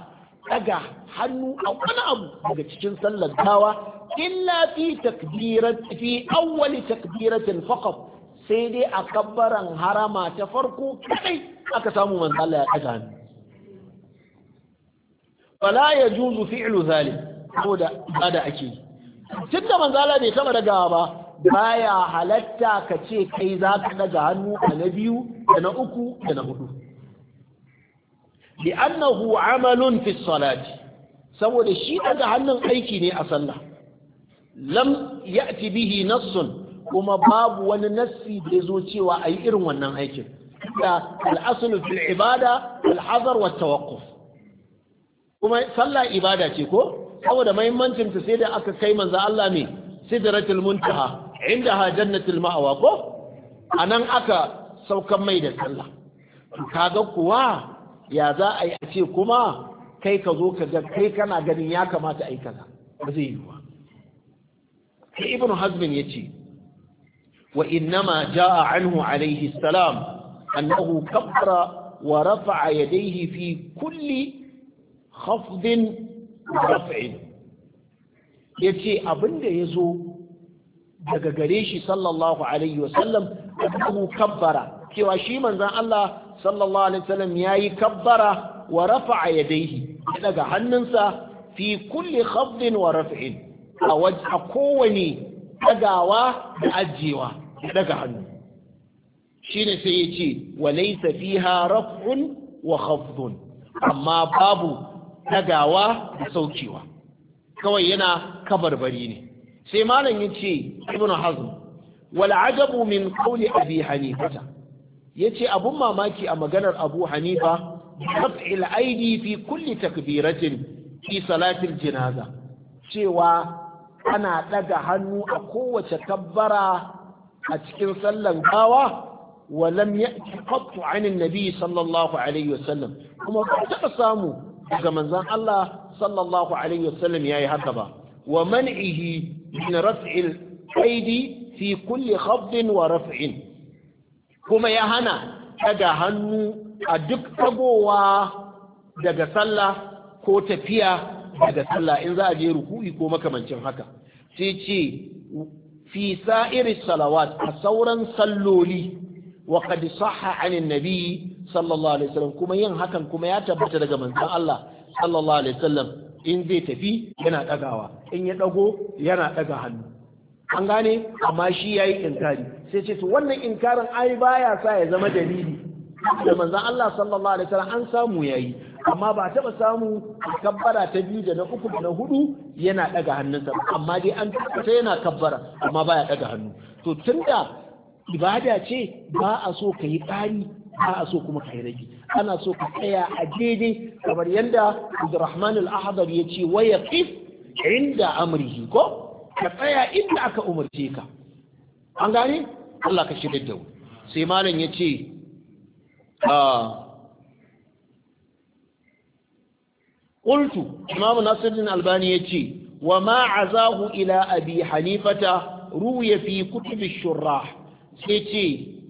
daga hannu a wani abu daga cikin sallar gawa illa fi takbirat fi awwal takbiratin faqat sai dai a kabbaran harama ta farko kadai aka samu manzan Allah ya daga hannu fala yajuzu fi'lu zalik saboda ibada ake tunda manzan Allah bai taɓa dagawa ba baya halatta ka ce kai za ka daga hannu a na biyu da na uku da na hudu li'annahu amalun fi salati saboda shi daga hannun aiki ne a sallah lam ya'ti bihi nassun kuma babu wani nassi da zo cewa ayi irin wannan aikin da al'aslu fil ibada al hazar wa tawaqquf kuma sallah ibada ce ko saboda muhimmancin ta sai da aka kai manzo Allah ne sidratul muntaha inda ha jannatul ma'awa ko anan aka saukan mai da sallah kaga kuwa ya za a yi a ce kuma kai ka zo ka ga kai kana ganin ya kamata a yi kaza ba zai yiwu ba sai ibnu hazmin yace wa innama jaa anhu alayhi salam annahu kabbara wa rafa'a yadayhi fi kulli khafdin raf'in yace abinda yazo daga gare shi sallallahu alaihi wasallam annahu kabbara cewa shi manzon Allah sallallahu alaihi wasallam yayi kabbara wa a yadaihi daga hannunsa fi kulli khafdin wa raf'in a wajha kowani dagawa da ajiyewa daga hannu shine sai ya ce wa laysa fiha raf'un wa khafdun amma babu dagawa da saukewa kawai yana kabarbari ne sai malam yace ibnu hazm wal ajabu min qawli abi hanifata yace abun mamaki a maganar abu hanifa raf'il aidi fi kulli takbiratin fi salatil janaza cewa ana daga hannu a kowace tabbara a cikin sallan gawa ولم يأتي قط عن النبي صلى الله عليه kuma كما ta samu daga manzon Allah sallallahu alaihi wasallam yayi haka ba wa man'ihi min raf'il aidi fi kulli khafdin wa raf'in kuma ya hana daga hannu a duk tagowa daga sallah ko tafiya daga sallah in za a je ruku'i ko makamancin haka sai ce fi sa'iri salawat a sauran salloli wa qad sahha 'an nabi sallallahu alaihi wasallam kuma yin hakan kuma ya tabbata daga manzon Allah sallallahu alaihi wasallam in zai tafi yana ɗagawa in ya ɗago yana ɗaga hannu an gane amma shi ya yi inkari sai ce to wannan inkarin ai baya sa ya zama dalili da manza Allah sallallahu alaihi wasallam an samu yayi amma ba taɓa samu kabbara ta biyu da na uku da na hudu yana ɗaga hannunsa amma dai an ta yana kabbara amma baya ɗaga hannu to tunda ibada ce ba a so ka yi ƙari ba a so kuma ka yi rage ana so ka tsaya a daidai kamar yadda Abdurrahman al-Ahdar ya ce wa yaqif inda amrihi ko ka tsaya inda aka umarce ka an gane Allah ka shirya da sai malam ya ce ah, qultu imam nasiruddin albani yace wa ma azahu ila abi hanifata ruya fi kutubi shurrah sai ce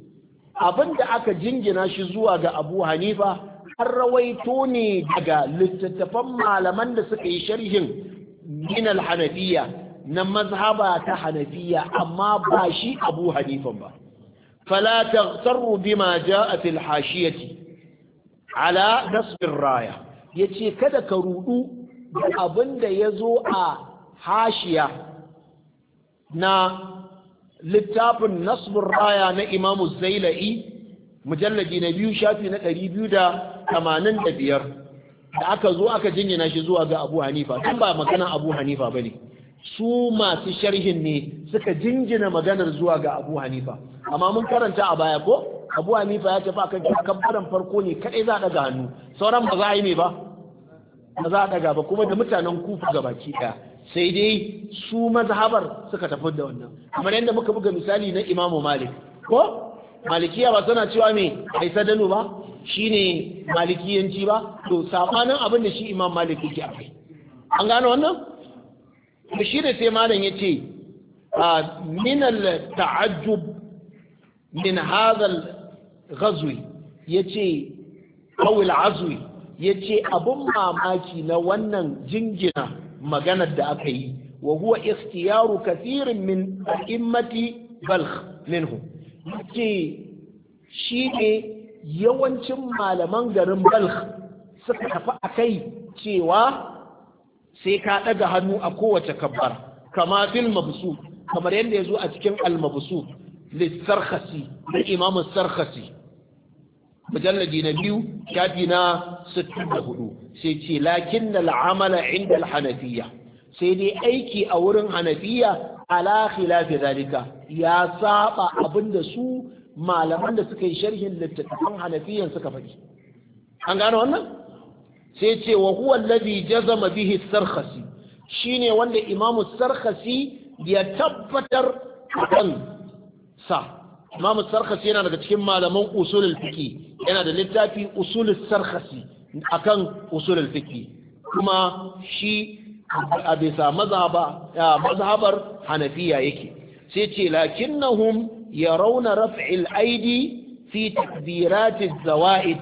abin da aka jingina shi zuwa ga abu hanifa an rawaito ne daga littattafan malaman da suka yi sharhin ginal hanafiya na mazhaba ta hanafiya amma ba shi abu hanifan ba fala taghtarru bima jaa fil hashiyati ala nasbin raya yace kada ka rudu da abin da yazo a hashiya na littafin nasbun raya na imamu zaila'i mujallaji na biyu shafi na ɗari biyu da tamanin da biyar da aka zo aka jinyana shi zuwa ga abu hanifa tun ba magana abu hanifa ba ne su masu sharhin ne suka jingina maganar zuwa ga abu hanifa amma mun karanta a baya ko abu hanifa ya tafi akan kabbaran farko ne kaɗai za a daga hannu sauran ba za a yi mai ba ba za a daga ba kuma da mutanen kufa baki ɗaya. sai dai su mazhabar suka tafi da wannan kamar yadda muka buga misali na imamu malik ko malikiya ba suna cewa mai ai sadanu ba shi ne malikiyanci ba to sabanin abin da shi imam malik yake akai an gano wannan to shi da sai malam ce a minal ta'ajjub min hadha ghazwi yace kawil al azwi yace abun mamaki na wannan jingina maganar da aka yi wa huwa ikhtiyaru kathirin min balkh minhu yake shi ne yawancin malaman garin balkh suka tafi kai cewa sai ka ɗaga hannu a kowace kabbar kama fil mabsu kamar yadda ya zo a cikin al-mabsu lissarkhasi da imamun sarkhasi mujalladi na biyu shafi na 64 sai ce lakin la'amala inda al-hanafiya sai dai aiki a wurin hanafiya ala khilafi zalika ya saba abinda su malaman da suka yi sharhin littattafan hanafiyan suka faɗi an gano wannan sai ce wa huwa alladhi jazama bihi sarkhasi shine wanda imamu sarkhasi ya tabbatar kan sa imamu sarkhasi yana daga cikin malaman usulul fiqh yana da littafi usulul sarkhasi akan usulul fiki kuma shi a bisa mazhabar hanafiya yake sai ce lakinnahum rauna raf'il aidi fi takbiratiz zawaid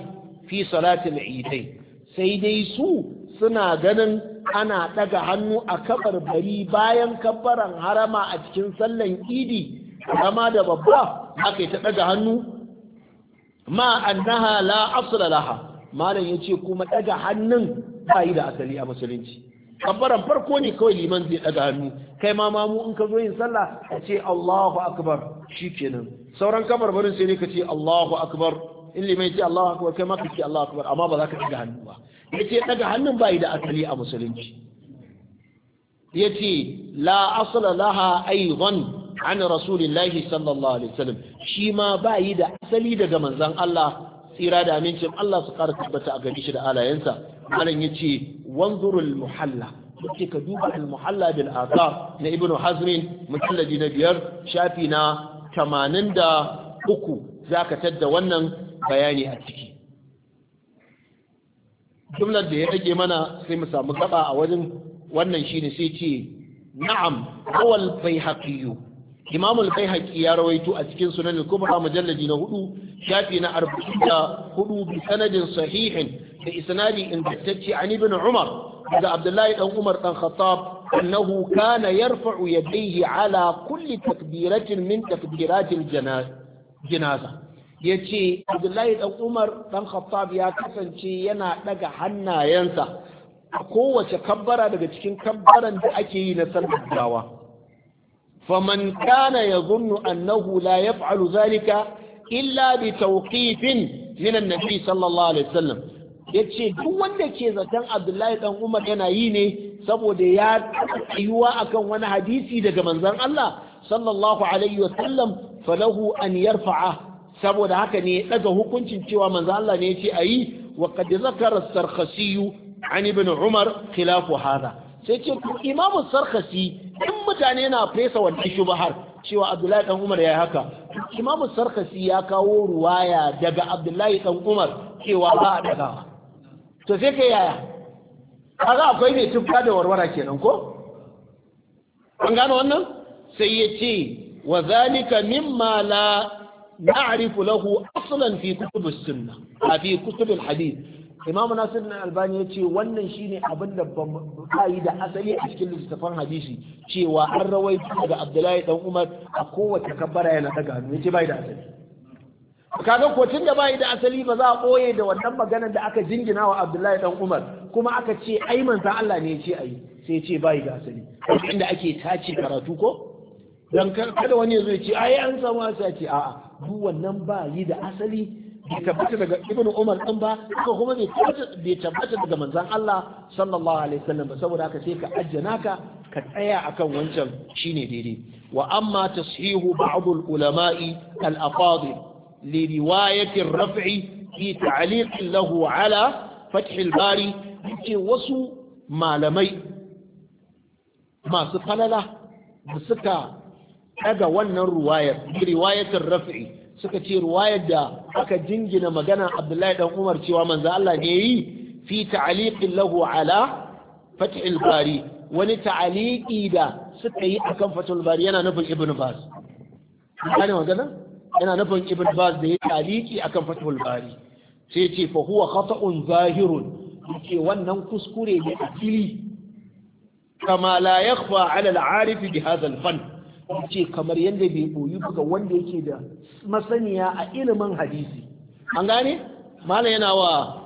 fi salatil idain sai dai su suna ganin ana daga hannu a kabar bari bayan kabbaran harama a cikin sallan idi rama da babba aka ta daga hannu ma annaha la asla laha malam yace kuma daga hannun yi da asali a musulunci kabbaran farko ne kawai liman zai daga hannu kai ma mamu in ka zo yin sallah ka ce Allahu akbar shikenan sauran kabarbarin sai ne ka ce Allahu akbar in liman ce Allahu akbar kai ma ka ce Allahu akbar amma ba za ka daga hannu ba yace daga hannun bai da asali a musulunci yace la asla laha aidan an rasulillahi sallallahu alaihi wasallam shi ma ba yi da asali daga manzan Allah tsira da amincin Allah su ƙara tabbata a gari shi da alayensa malam ya ce wanzurul muhalla yake ka duba al-muhalla bil asar na ibnu Hazrin mujalladi na biyar shafi na tamanin da uku ka tadda wannan bayani a ciki jumlar da ya rage mana sai mu samu gaba a wajen wannan shine sai ce na'am awal bayhaqiyu imam al-baihaqi ya rawaito a cikin sunan kubra mujalladi na hudu shafi na 44 bi sanadin sahihin da isnadi ingantacce an umar daga abdullahi dan umar dan khattab annahu kana yarfa'u ya ala kulli takbiratin min takbiratil janaza yace abdullahi dan umar dan ya kasance yana daga hannayensa a kowace kabbara daga cikin kabbaran da ake yi na sallar gawa faman kana yadhunnu annahu la yaf'alu zalika illa bi tawqifin min sallallahu alaihi wasallam yace duk wanda ke zaton Abdullahi dan Umar yana yi ne saboda ya tsayuwa akan wani hadisi daga manzon Allah sallallahu alaihi wasallam falahu an yarfa'a saboda haka ne daga hukuncin cewa manzon Allah ne yace ayi wa qad zakara as-sarkhasi an ibn Umar khilafu hadha sai ce imamu sarkasi in mutane na fesa wannan shubahar cewa abdullahi dan umar ya yi haka imamu sarkasi ya kawo ruwaya daga abdullahi dan umar cewa ba a to sai kai yaya kaga akwai mai tufka da warwara kenan ko an gano wannan sai ya ce wa zalika mimma la na'rifu lahu aslan fi kutubus sunnah fi kutubul hadith imamu nasir na albani ya ce wannan shine abin da ba yi da asali a cikin littattafan hadisi cewa an rawaito daga abdullahi dan umar a kowace kabbara yana daga hannu yace bai da asali kaga ko tun da bai da asali ba za a koye da wannan maganar da aka jingina wa abdullahi dan umar kuma aka ce ai manzon Allah ne yace ai sai ya ce bai da asali inda ake tace karatu ko dan kada wani ya zo ya ce ai an samu asali a'a duk wannan ba yi da asali bai tabbata daga ibn umar din ba haka kuma bai tabbata daga manzon Allah sallallahu alaihi wasallam ba saboda haka sai ka ajjana ka ka tsaya akan wancan shine daidai wa amma tashihu ba'd ulama'i al-afadil li riwayati ar-raf'i fi ta'liq lahu ala fath al-bari yake wasu malamai masu falala da suka daga wannan riwayar riwayatin raf'i suka ce ruwayar da aka jingina magana abdullahi dan umar cewa manzo Allah ne yi fi ta'liqin lahu ala fathil bari wani ta'liqi da suka yi akan fathul bari yana nufin ibn baz kana magana yana nufin ibn Bas da ya ta'liqi akan fathul bari sai ce fa huwa khata'un zahirun yace wannan kuskure ne a fili kama la yakhfa ala al-arif bi hadha al-fann ce kamar yadda bai koyi ga wanda yake da masaniya a ilimin hadisi an gane malam yana wa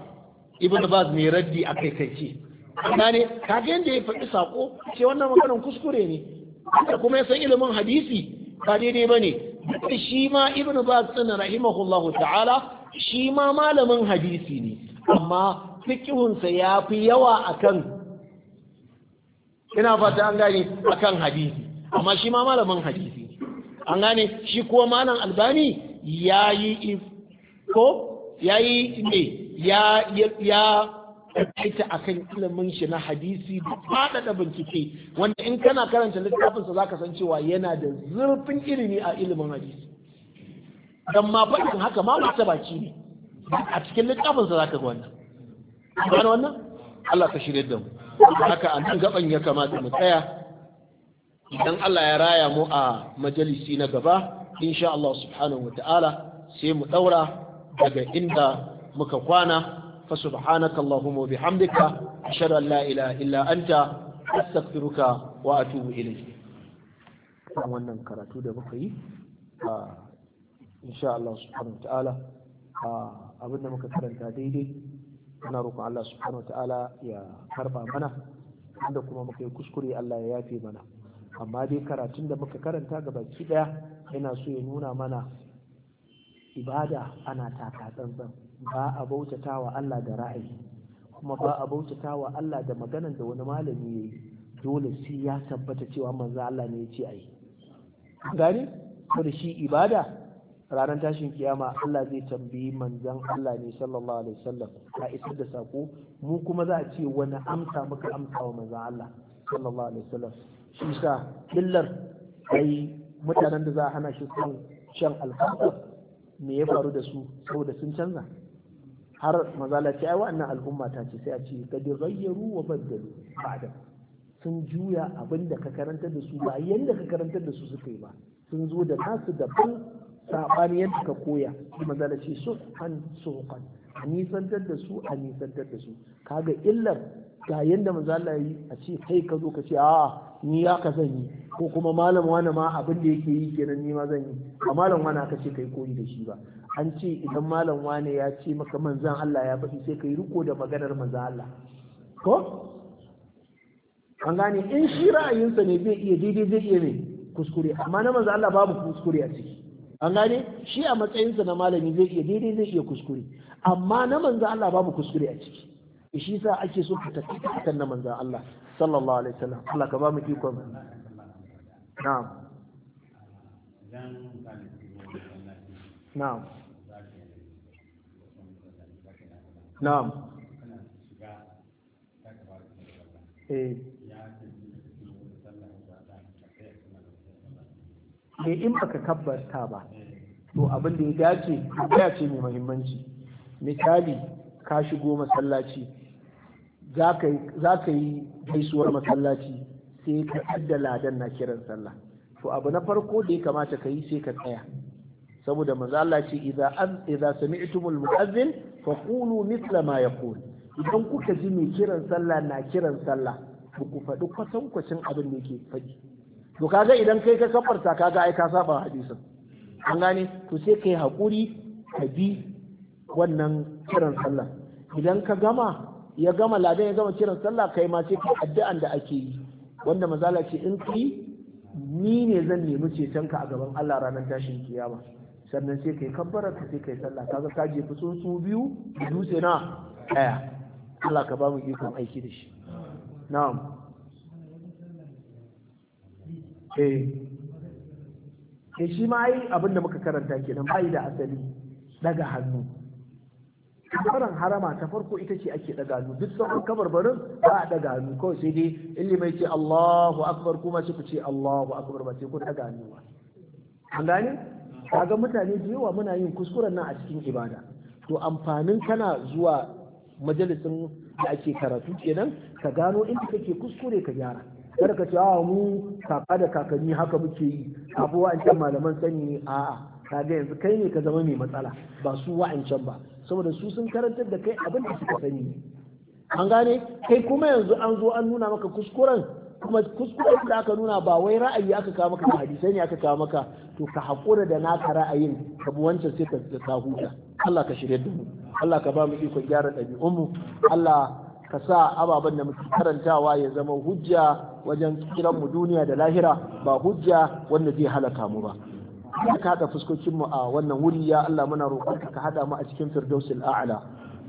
ibn baz mai raddi a kai kai ce an gane ga yadda ya faɗi sako ce wannan maganar kuskure ne da kuma ya san ilimin hadisi ba daidai ba ne shi ma ibn baz din rahimahullahu ta'ala shi ma malamin hadisi ne amma fikihunsa ya fi yawa akan ina fata an gane akan hadisi amma shi ma malamin hadisi an gane shi kuwa malam albani ya yi ko ya yi ne ya ya a kan ilimin shi na hadisi da faɗaɗa bincike wanda in kana karanta littafinsa za ka san cewa yana da zurfin ilimi a ilimin hadisi don ma faɗin haka ma wata baki ne a cikin littafinsa za ka ga wannan gano wannan Allah ka shirya da mu haka a nan gaban ya kamata mu tsaya idan Allah ya raya mu a majalisi na gaba insha Allah subhanahu wata'ala sai mu daura daga inda muka kwana fa subhanaka allahumma bihamdika ashhadu an la ilaha illa anta astaghfiruka wa atubu ilayk wannan karatu da muka yi insha Allah subhanahu wata'ala abinda muka karanta daidai ana roƙon Allah subhanahu wata'ala ya karba mana wanda kuma muka yi kuskure Allah ya yafe mana amma dai karatun da muka karanta ga baki daya yana so ya nuna mana ibada ana taka tsantsan ba a bautata wa Allah da ra'ayi kuma ba a bautata wa Allah da maganan da wani malami ya yi dole sai ya tabbata cewa manzo Allah ne ya ce ayi gani da shi ibada ranar tashin kiyama Allah zai tambayi manzon Allah ne sallallahu alaihi wasallam ka isar da sako mu kuma za a ce wani amsa muka amsa wa manzon Allah sallallahu alaihi wasallam shi sa illar ai mutanen da za a hana shi son shan alhamdulillah me ya faru da su saboda sun canza har mazala ce ai wa'annan al'umma ta ce sai a ce ga dirayyaru wa baddalu ba sun juya abin da ka karantar da su ba yanda ka karantar da su suka yi ba sun zo da nasu da daban sabani yadda ka koya mazala ce su suhan suhan a nisantar da su a nisantar da su kaga illar ga yadda manzo yi a ce kai ka zo ka ce a ni ya ka zan yi ko kuma malam wani ma abin da yake yi kenan ni ma zan yi a malam wani aka ce kai koyi da shi ba an ce idan malam wani ya ce maka manzan Allah ya faɗi sai kai riko da maganar manzan Allah ko an gane in shi ra'ayinsa ne zai iya daidai zai iya mai kuskure amma na manzan Allah babu kuskure a ciki an gane shi a matsayinsa na malami zai iya daidai zai iya kuskure amma na manzan Allah babu kuskure a ciki shi sa ake so ka tafi kan na manzan Allah sallallahu alaihi wasallam Allah ka ba mu ikon na'am na'am na'am eh, eh in baka tabbata ba to abin da ya dace ya ce mai muhimmanci misali ka shigo masallaci za ka yi gaisuwar masallaci sai ka adda ladan na kiran sallah to abu na farko da ya kamata ka yi sai ka tsaya saboda manzo Allah ce idza idza sami'tumul faqulu mithla ma yaqul idan kuka ji mai kiran sallah na kiran sallah ku ku faɗi kwacin abin da yake faɗi to kaga idan kai ka kafarta kaga ai ka saba hadisin an gane to sai kai hakuri ka bi wannan kiran sallah idan ka gama ya gama ladan ya gama kiran sallah kai ma sai kai addu'an da ake yi wanda mazala ce in ki ni ne zan nemi ceton ka a gaban Allah ranar tashin kiyama sannan sai kai kabbara ka sai kai sallah kaga ka jefi su biyu da dutse na ɗaya Allah ka ba mu ikon aiki da shi na'am eh ke eh, shi ma ai abin da muka karanta kenan bai da asali daga hannu kafaran harama ta farko ita ce ake daga hannu duk sauran kabarbarin ba a daga hannu kawai sai dai in mai ce Allahu akbar kuma sai ku ce Allahu akbar ba sai ku daga hannu ba an gane kaga mutane da yawa muna yin kuskuren nan a cikin ibada to amfanin kana zuwa majalisin da ake karatu kenan ka gano inda kake kuskure ka gyara kar ka ce a ah, mu kaka da kakanni haka muke yi abuwa an malaman sani ne a'a kaga yanzu kai ne ka zama mai matsala ba su wa'ancan ba saboda su sun karantar da kai abin da suka sani an gane kai kuma yanzu an zo an nuna maka kuskuren kuma kuskuren da aka nuna ba wai ra'ayi aka kawo maka hadisai ne aka kawo maka to ka haƙura da naka ra'ayin ka bi wancan sai ka huta Allah ka shirya da mu Allah ka ba mu iko gyara mu Allah ka sa ababen da muke karantawa ya zama hujja wajen kiran mu duniya da lahira ba hujja wanda zai halaka mu ba ka haɗa fuskokin mu a wannan wuri ya Allah muna roƙonka ka haɗa mu a cikin firdausil a'la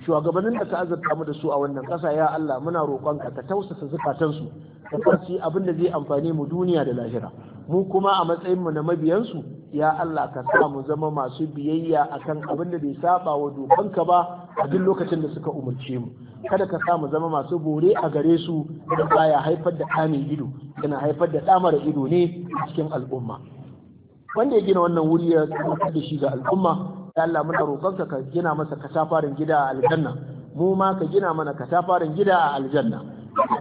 shugabannin da ka azurta mu da su a wannan ƙasa ya Allah muna roƙonka ka tausasa zukatansu ka farci abin da zai amfane mu duniya da lahira mu kuma a matsayin mu na mabiyansu ya Allah ka sa mu zama masu biyayya akan abin da bai saba wa dokanka ba a duk lokacin da suka umarce mu kada ka sa mu zama masu bore a gare su da baya haifar da ɗa mai ido yana haifar da ɗa mara ido ne a cikin al'umma wanda ya gina wannan wuri ya tabbatar da shi ga al'umma ya Allah muna roƙonka ka gina masa katafarin gida a aljanna mu ma ka gina mana katafarin gida a aljanna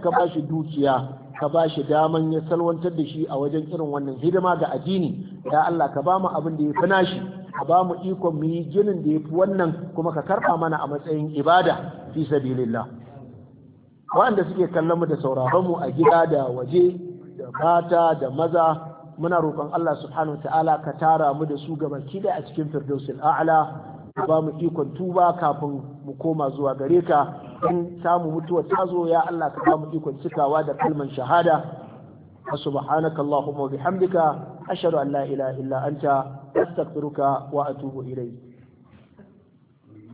ka ba shi dukiya ka ba shi daman ya salwantar da shi a wajen irin wannan hidima ga addini ya Allah ka ba mu abin da ya fi nashi ka ba mu ikon mu yi ginin da ya fi wannan kuma ka karɓa mana a matsayin ibada fi sabilillah waɗanda suke kallon mu da sauraron mu a gida da waje da mata da maza muna roƙon Allah subhanahu ta'ala ka tara mu da su gaba kida a cikin firdausil a'la ka ba mu ikon tuba kafin mu koma zuwa gare ka in samu mutuwa ta zo ya Allah ka ba mu ikon cikawa da kalman shahada subhanaka allahumma wa bihamdika ashhadu an la ilaha illa anta astaghfiruka wa atubu ilayk